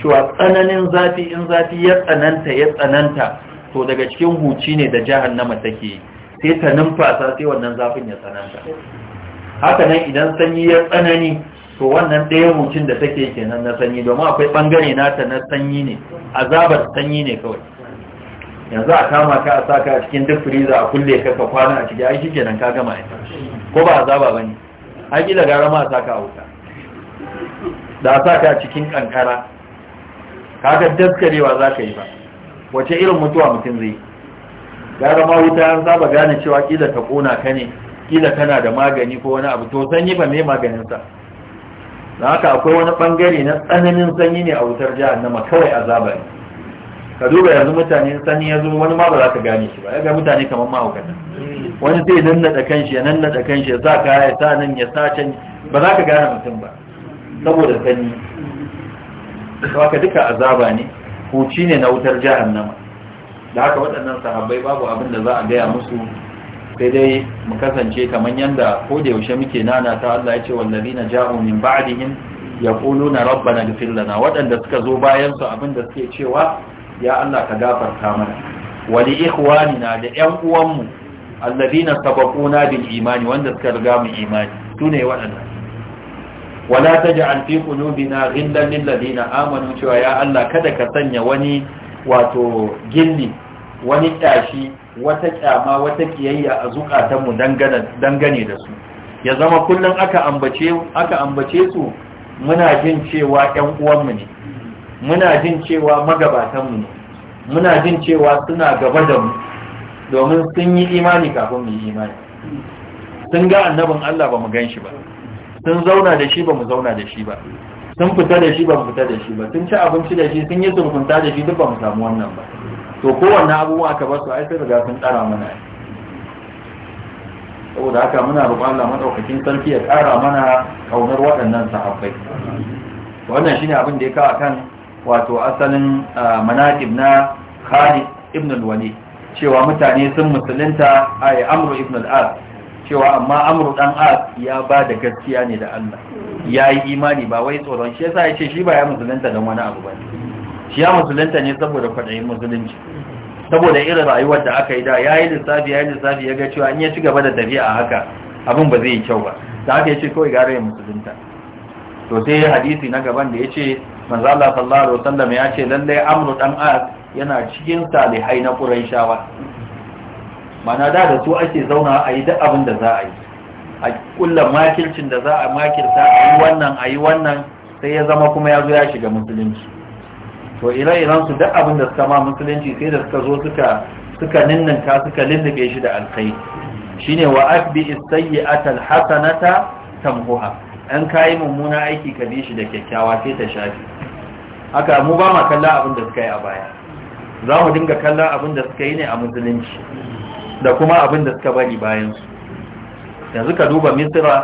cewa tsananin zafi in zafi ya tsananta ya tsananta to daga cikin huci ne da jahannama take sai ta numfasa sai wannan zafin ya tsananta haka nan idan sanyi ya tsanani to wannan ɗaya hucin da take kenan na sanyi domin akwai ɓangare nata na sanyi ne azabar sanyi ne kawai yanzu a kama ka a sa ka a cikin duk firiza a kulle ka ka kwana a ciki aiki kenan ka gama aiki ko ba azaba ba ne aiki da gara ma a sa ka a wuta da a sa ka a cikin kankara kaga daskarewa za ka yi ba wace irin mutuwa mutum zai gara ma wuta an saba gane cewa kila ta kona ka ne kila kana da magani ko wani abu to sanyi ba me maganinsa da haka akwai wani bangare na tsananin sanyi ne a wutar jahannama kawai azaba ne ka duba yanzu mutane sanyi ya zo wani ma ba za ka gane shi ba ya ga mutane kamar mahaukata wani zai nannaɗa kanshi ya nannaɗa kanshi ya sa kaya ya sa nan ya sa can ba za ka gane mutum ba saboda sanyi to haka duka azaba ne huci ne na wutar jahannama da haka waɗannan sahabbai babu abin da za a gaya musu sai dai mu kasance kamar yadda ko da yaushe muke nana ta Allah ya ce na ja'u min ba'dihim yaquluna rabbana ighfir lana waɗanda suka zo bayan su abinda suke cewa ya Allah ka gafarta mana wa li ikhwanina da ƴan uwanmu allazina sabaquna bil imani wanda suka riga mu imani sune waɗanda. wala taj'al fi qulubina ghillan lil ladina amanu cewa ya Allah kada ka sanya wani wato gilli wani tashi wata kyama wata kiyayya a zukatanmu dangane da su ya zama kullum aka ambace aka ambace su muna jin cewa 'yan uwanmu ne muna jin cewa magabatanmu ne muna jin cewa suna gaba da mu domin sun yi imani kafin mu yi imani sun ga annabin Allah ba mu gan shi ba sun zauna da shi ba mu zauna da shi ba sun fita da shi ba mu fita da shi ba sun ci abinci da shi sun yi surkunta da shi duk ba mu samu wannan ba to kowanne abubuwa ka basu ai sai riga sun tsara mana saboda haka muna roƙon Allah madaukakin sarki ya tsara mana kaunar waɗannan sahabbai wannan shine abin da ya kawo kan wato asalin manaqib na Khalid ibn al-Walid cewa mutane sun musulunta a Amr ibn al-As cewa amma Amr dan As ya ba da gaskiya ne da Allah ya yi imani ba wai tsoron shi yasa ya ce shi ba ya musulunta don wani abu ba shiya musulunta ne saboda kwaɗayin musulunci saboda irin rayuwar da aka yi da ya yi lissafi ya yi lissafi ya ga cewa in ya ci gaba da tafiya a haka abin ba zai yi kyau ba da haka ya ce kawai gara yin musulunta to sai hadisi na gaban da ya ce manzo Allah sallallahu alaihi wasallam ya ce lallai amru dan as yana cikin salihai na quraishawa mana da da su ake zauna a yi duk abin da za a yi a kulla makircin da za a makirta a yi wannan a yi wannan sai ya zama kuma ya zo ya shiga musulunci to ire-iren su duk abin da suka ma musulunci sai da suka zo suka suka ninninka suka lullube shi da alkai shine wa akbi as-sayyi'ata al-hasanata tamhuha an kai mummuna aiki ka bi shi da kyakkyawa sai ta shafi haka mu ba ma kalla abin da suka yi a baya za mu dinga kalla abin da suka yi ne a musulunci da kuma abin da suka bari bayan yanzu ka duba misira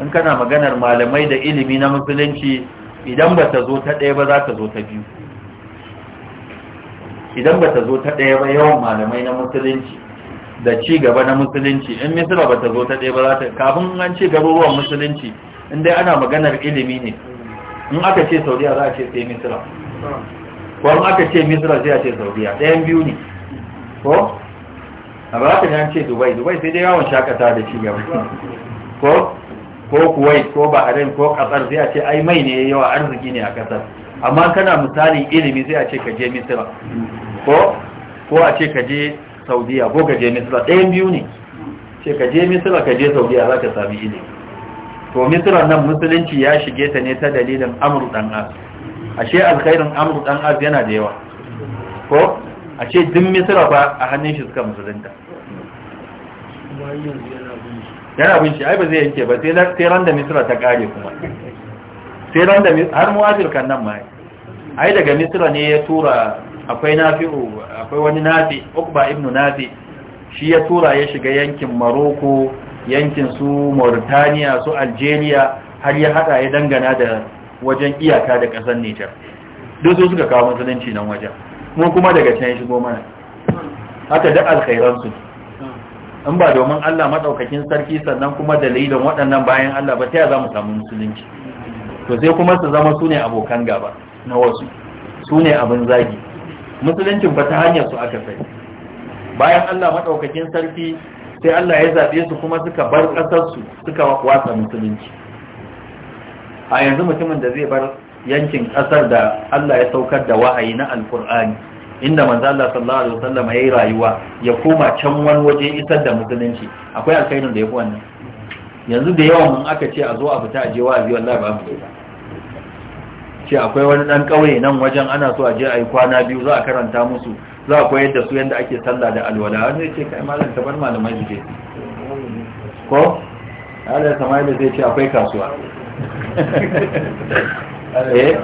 in kana maganar malamai da ilimi na musulunci idan ba ta zo ta ɗaya ba za ta zo ta biyu idan ba ta zo ta ɗaya ba yawan malamai na musulunci da ci gaba na musulunci in misira ba ta zo ta ɗaya ba za ta kafin an ci gaba ruwan musulunci in dai ana maganar ilimi ne in aka ce saudiya za a ce sai misira ko in aka ce misira sai a ce saudiya ɗayan biyu ne ko a ba ta an ce dubai dubai sai dai yawon shakata da ci gaba ko ko kuwait ko bahrain ko ƙasar sai a ce ai mai ne yawa arziki ne a ƙasar amma kana misalin ilimi sai a ce ka je misira ko ko a ce ka je saudiya ko ka je misira ɗayan biyu ne ce ka je misira ka je saudiya za ka sami ilimi to misira nan musulunci ya shige ta ne ta dalilin amur ɗan a ashe alkhairin amur ɗan az yana da yawa ko a ce duk misira ba a hannun shi suka musulunta yana binci ai ba zai yanke ba sai ran da misira ta kare kuma sai ran da har muwafir kan nan ma ai daga misira ne ya tura akwai nafi'u akwai wani nafi ukba Ibnu nafi shi ya tura ya shiga yankin maroko yankin su mauritania su algeria har ya hada ya dangana da wajen iyaka da kasar nijar duk su suka kawo musulunci nan wajen mu kuma daga can shigo mana haka da alkhairansu in ba domin allah maɗaukakin sarki sannan kuma dalilin waɗannan bayan allah ba ta za mu samu musulunci to sai kuma su zama su ne abokan gaba na wasu su ne abin zagi musuluncin ba ta hanyar su aka sai bayan Allah maɗaukakin sarki sai Allah ya zabe su kuma suka bar kasar suka wasa musulunci a yanzu mutumin da zai bar yankin kasar da Allah ya saukar da wahayi na alkur'ani inda manzo Allah sallallahu alaihi wasallam yayi rayuwa ya koma can wani waje isar da musulunci akwai alƙairin da ya fi wannan yanzu da yawa mun aka ce a zo a fita a je wa wallahi ba mu ita ce akwai wani ɗan ƙauye nan wajen ana so a je a yi kwana biyu za a karanta musu za a koyar da su yadda ake sallah da alwala wani ce kai malam ta bar malamai su je ko Allah Sama'ila zai ce akwai kasuwa eh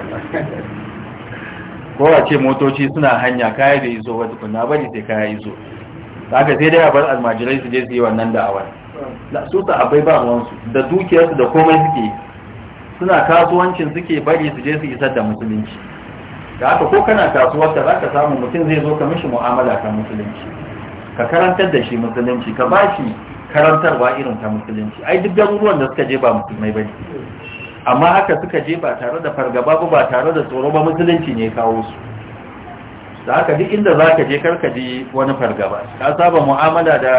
ko a ce motoci suna hanya kaya da iso wata kunna bari sai kaya iso haka sai dai a bar almajirai su je su yi wannan da'awar su ta abai ba ruwansu da dukiyarsu da komai suke suna kasuwancin suke bari su je su isar da musulunci da haka ko kana kasuwar da zaka samu mutum zai zo ka mishi mu'amala ta musulunci ka karantar da shi musulunci ka ba shi karantarwa irin ta musulunci ai duk garuruwan da suka je ba musulmai ba ne. amma haka suka je ba tare da fargaba ba ba tare da tsoro ba musulunci ne kawo su da haka duk inda zaka je kar ka ji wani fargaba ka saba mu'amala da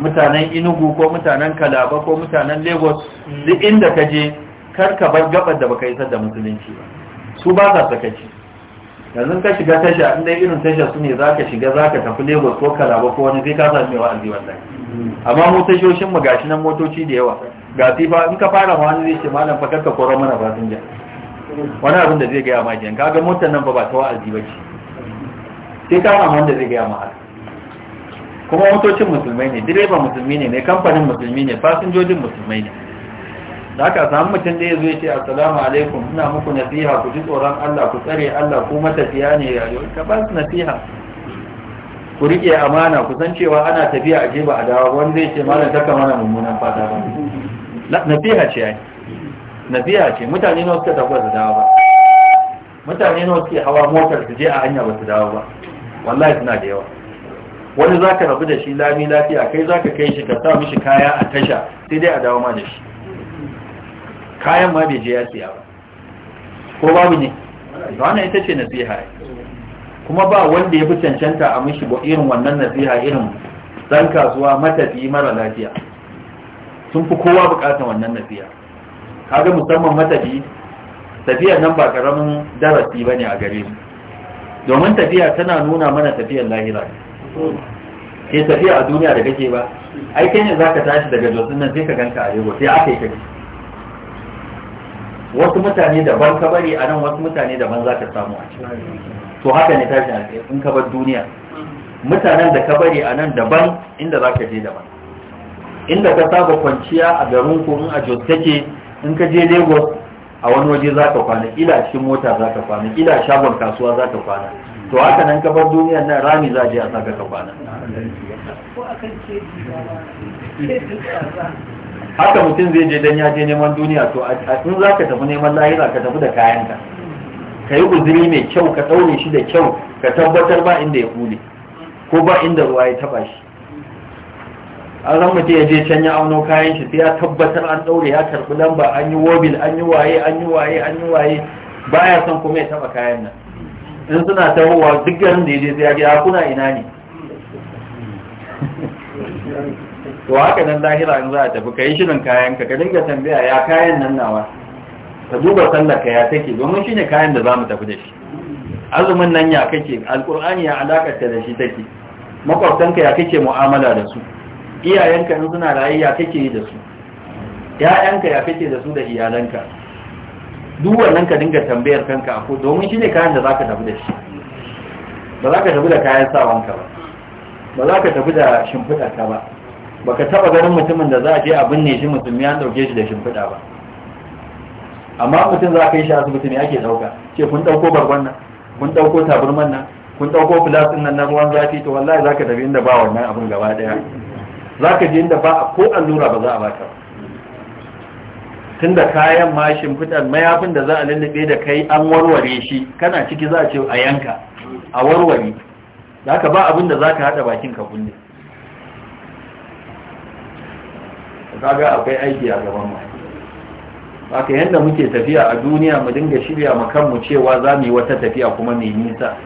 mutanen inugu ko mutanen kalaba ko mutanen lagos duk inda ka je kar ka bar gabar da baka isar da musulunci ba su ba za sakaci yanzu ka shiga tasha in dai irin tasha su ne za ka shiga za ka tafi lagos ko kalaba ko wani sai ka sami wa wa'azi wannan amma mu tashoshin mu gashi nan motoci da yawa ga sifa in ka fara ma wani zai ce malam fa karka koro mana fasinja wani abin da zai gaya ma jiyan kaga motar nan ba ba ta wa'azi ba ce sai ka ma wanda zai gaya ma haka kuma motocin musulmai ne direba musulmi ne mai kamfanin musulmi ne fasinjojin musulmai ne da aka samu mutum da ya zo ya ce assalamu alaikum ina muku nasiha ku ji tsoron Allah ku tsare Allah ku matafiya ne ka ba su nasiha ku rike amana ku san cewa ana tafiya a jeba a dawa wanda zai ce malam kama na mummunan fata ba nasiha ce ai nasiha ce mutane nawa suka tafi su dawa ba mutane nawa suke hawa motar su je a hanya ba su dawo ba wallahi suna da yawa wani za ka rabu da shi lami lafiya kai za ka kai shi ka sa mishi kaya a tasha sai dai a dawo ma da shi kayan ma bai je ya siya ba ko babu ne wannan ita ce nasiha kuma ba wanda ya fi cancanta a mishi ba irin wannan nasiha irin zan kasuwa matafi mara lafiya sun fi kowa bukatar wannan nasiha kaga musamman matafi tafiyar nan ba karamin darasi ba ne a gare su domin tafiya tana nuna mana tafiyar lahira ke tafiya a duniya da kake ba ai kai ne zaka tashi daga jotsin nan sai ka ganka a lagos sai aka yi kake wasu mutane daban ka bari a nan wasu mutane daban za ka samu a cikin to haka ne tashi in ka bar duniya mutanen da ka bari a nan daban inda za ka je daban inda ka saba kwanciya a garin ku in a jos take in ka je lagos a wani waje za ka kwana ila cikin mota za ka kwana ila shagon kasuwa za ka kwana to haka nan kafar duniya nan rami za a je a saka kafana haka mutum zai je dan ya je neman duniya to a tun za ka tafi neman lahira ka tafi da kayanka ka yi uzuri mai kyau ka ɗaure shi da kyau ka tabbatar ba inda ya hule ko ba inda ruwa ya taba shi an zama mutum ya je can ya auno kayan shi sai ya tabbatar an ɗaure ya karɓi lamba an yi wobil an yi waye an yi waye an yi waye baya son kuma ya taɓa kayan nan in suna tahowa duk garin da ya je sai ya gida kuna ina ne to haka nan lahira in za a tafi ka yi shirin kayan ka dinga tambaya ya kayan nan nawa ka duba sallar ka ya take domin shi ne kayan da za mu tafi da shi azumin nan ya kake Alƙur'ani ya alakarta da shi take makwabtanka ya kake mu'amala da su iyayenka in suna raye ya kake da su ya'yanka ya kake da su da iyalanka duk wannan ka dinga tambayar kanka ko domin shi ne kayan da za ka tafi da shi ba za ka tafi da kayan sawanka ba ba za ka tafi da shimfiɗarka ba ba ka taɓa ganin mutumin da za a je a binne shi musulmi an ɗauke shi da shimfiɗa ba amma mutum za ka yi shi asibiti ne ake ɗauka ce kun ɗauko bargon nan kun ɗauko taburman nan kun ɗauko filasin nan na ruwan zafi to wallahi za ka tafi inda ba wannan abin gaba ɗaya za ka je inda ba ko allura ba za a baka ba tunda kayan mashin shimfiɗar mayafin da za a lullube da kai an warware shi kana ciki za a ce a yanka a warware da haka ba abin da za ka haɗa bakin ka kulle kaga akwai aiki a gaban mu ka yadda muke tafiya a duniya mu dinga shirya mu kanmu cewa za mu yi wata tafiya kuma mai nisa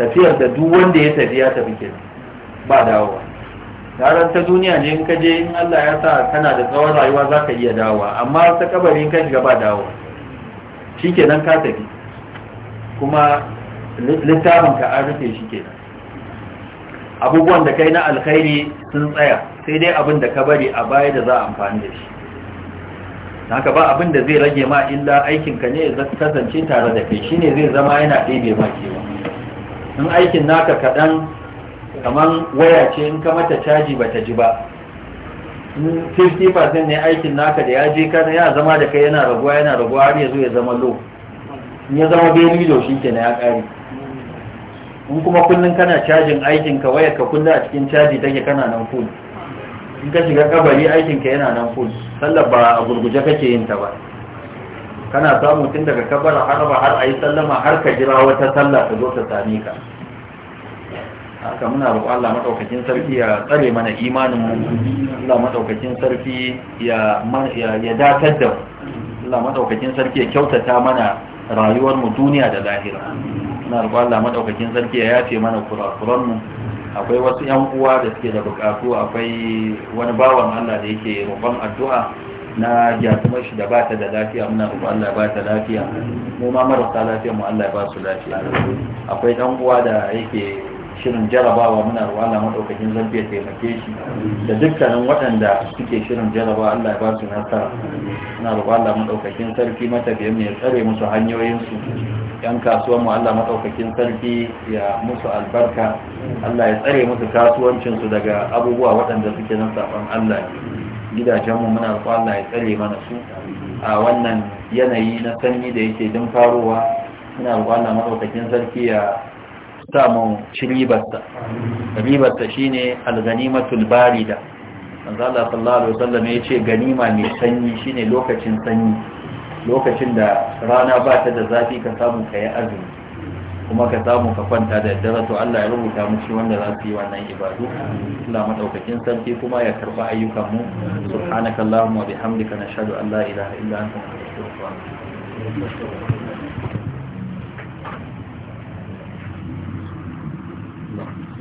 tafiyar da duk wanda ya tafi ya tafi ba dawowa ranar ta duniya ne in ka je in Allah ya sa kana da tsawon rayuwa za ka iya dawowa amma ta kabarin ka shiga ba dawo shi nan ka tafi kuma littafin ka an rufe shi nan abubuwan da kai na alkhairi sun tsaya sai dai abin da ka bari a baya da za a amfani da shi haka ba abin da zai rage ma illa aikinka ne ya kasance tare da kai shine zai zama yana ɗebe ma kewa in aikin naka kaɗan kamar waya ce in ka mata caji ba ta ji ba 50% ne aikin naka da ya je ka ya zama da kai yana raguwa yana raguwa har ya ya zama low in ya zama bai lido shi ke ya kare in kuma kullum kana cajin aikin ka waya ka kulle a cikin caji take kana nan full in ka shiga kabari aikin ka yana nan full sallar ba a gurguje kake yin ta ba kana samu tun daga kabara har ba har ayi sallama har ka jira wata sallah ta zo ta same ka haka muna roƙo Allah madaukakin sarki ya tsare mana imanin mu Allah madaukakin sarki ya ya datar da Allah madaukakin sarki ya kyautata mana rayuwar mu duniya da lahira muna roƙo Allah madaukakin sarki ya yafe mana kurakuran mu akwai wasu yan uwa da suke da buƙatu, akwai wani bawan Allah da yake roƙon addu'a na yatumar shi da ba ta da lafiya muna roƙo Allah ba ta lafiya mu ma marasa lafiya mu Allah ba su lafiya akwai ɗan uwa da yake shirin jarabawa muna ruwa na maɗaukakin zarfi ya taimake shi da dukkanin waɗanda suke shirin jarabawa Allah ya ba su nasara muna ruwa na maɗaukakin sarki matafiya ya tsare musu hanyoyinsu yan kasuwan mu Allah maɗaukakin sarki ya musu albarka Allah ya tsare musu kasuwancinsu daga abubuwa waɗanda suke nan saɓon Allah gidajenmu muna ruwa Allah ya tsare mana su a wannan yanayi na sanyi da yake din faruwa muna ruwa na maɗaukakin sarki ya ta mu ci ribarsa ribarsa shine alganimatul barida manzo Allah sallallahu alaihi wasallam ya ce ganima mai sanyi shine lokacin sanyi lokacin da rana ba ta da zafi ka samu ka yi azumi kuma ka samu ka kwanta da daddare to Allah ya rubuta mu shi wanda za su yi wannan ibadu Allah madaukakin sarki kuma ya karba ayyukan mu subhanakallahumma wa bihamdika nashhadu an la ilaha illa anta nastaghfiruka wa No.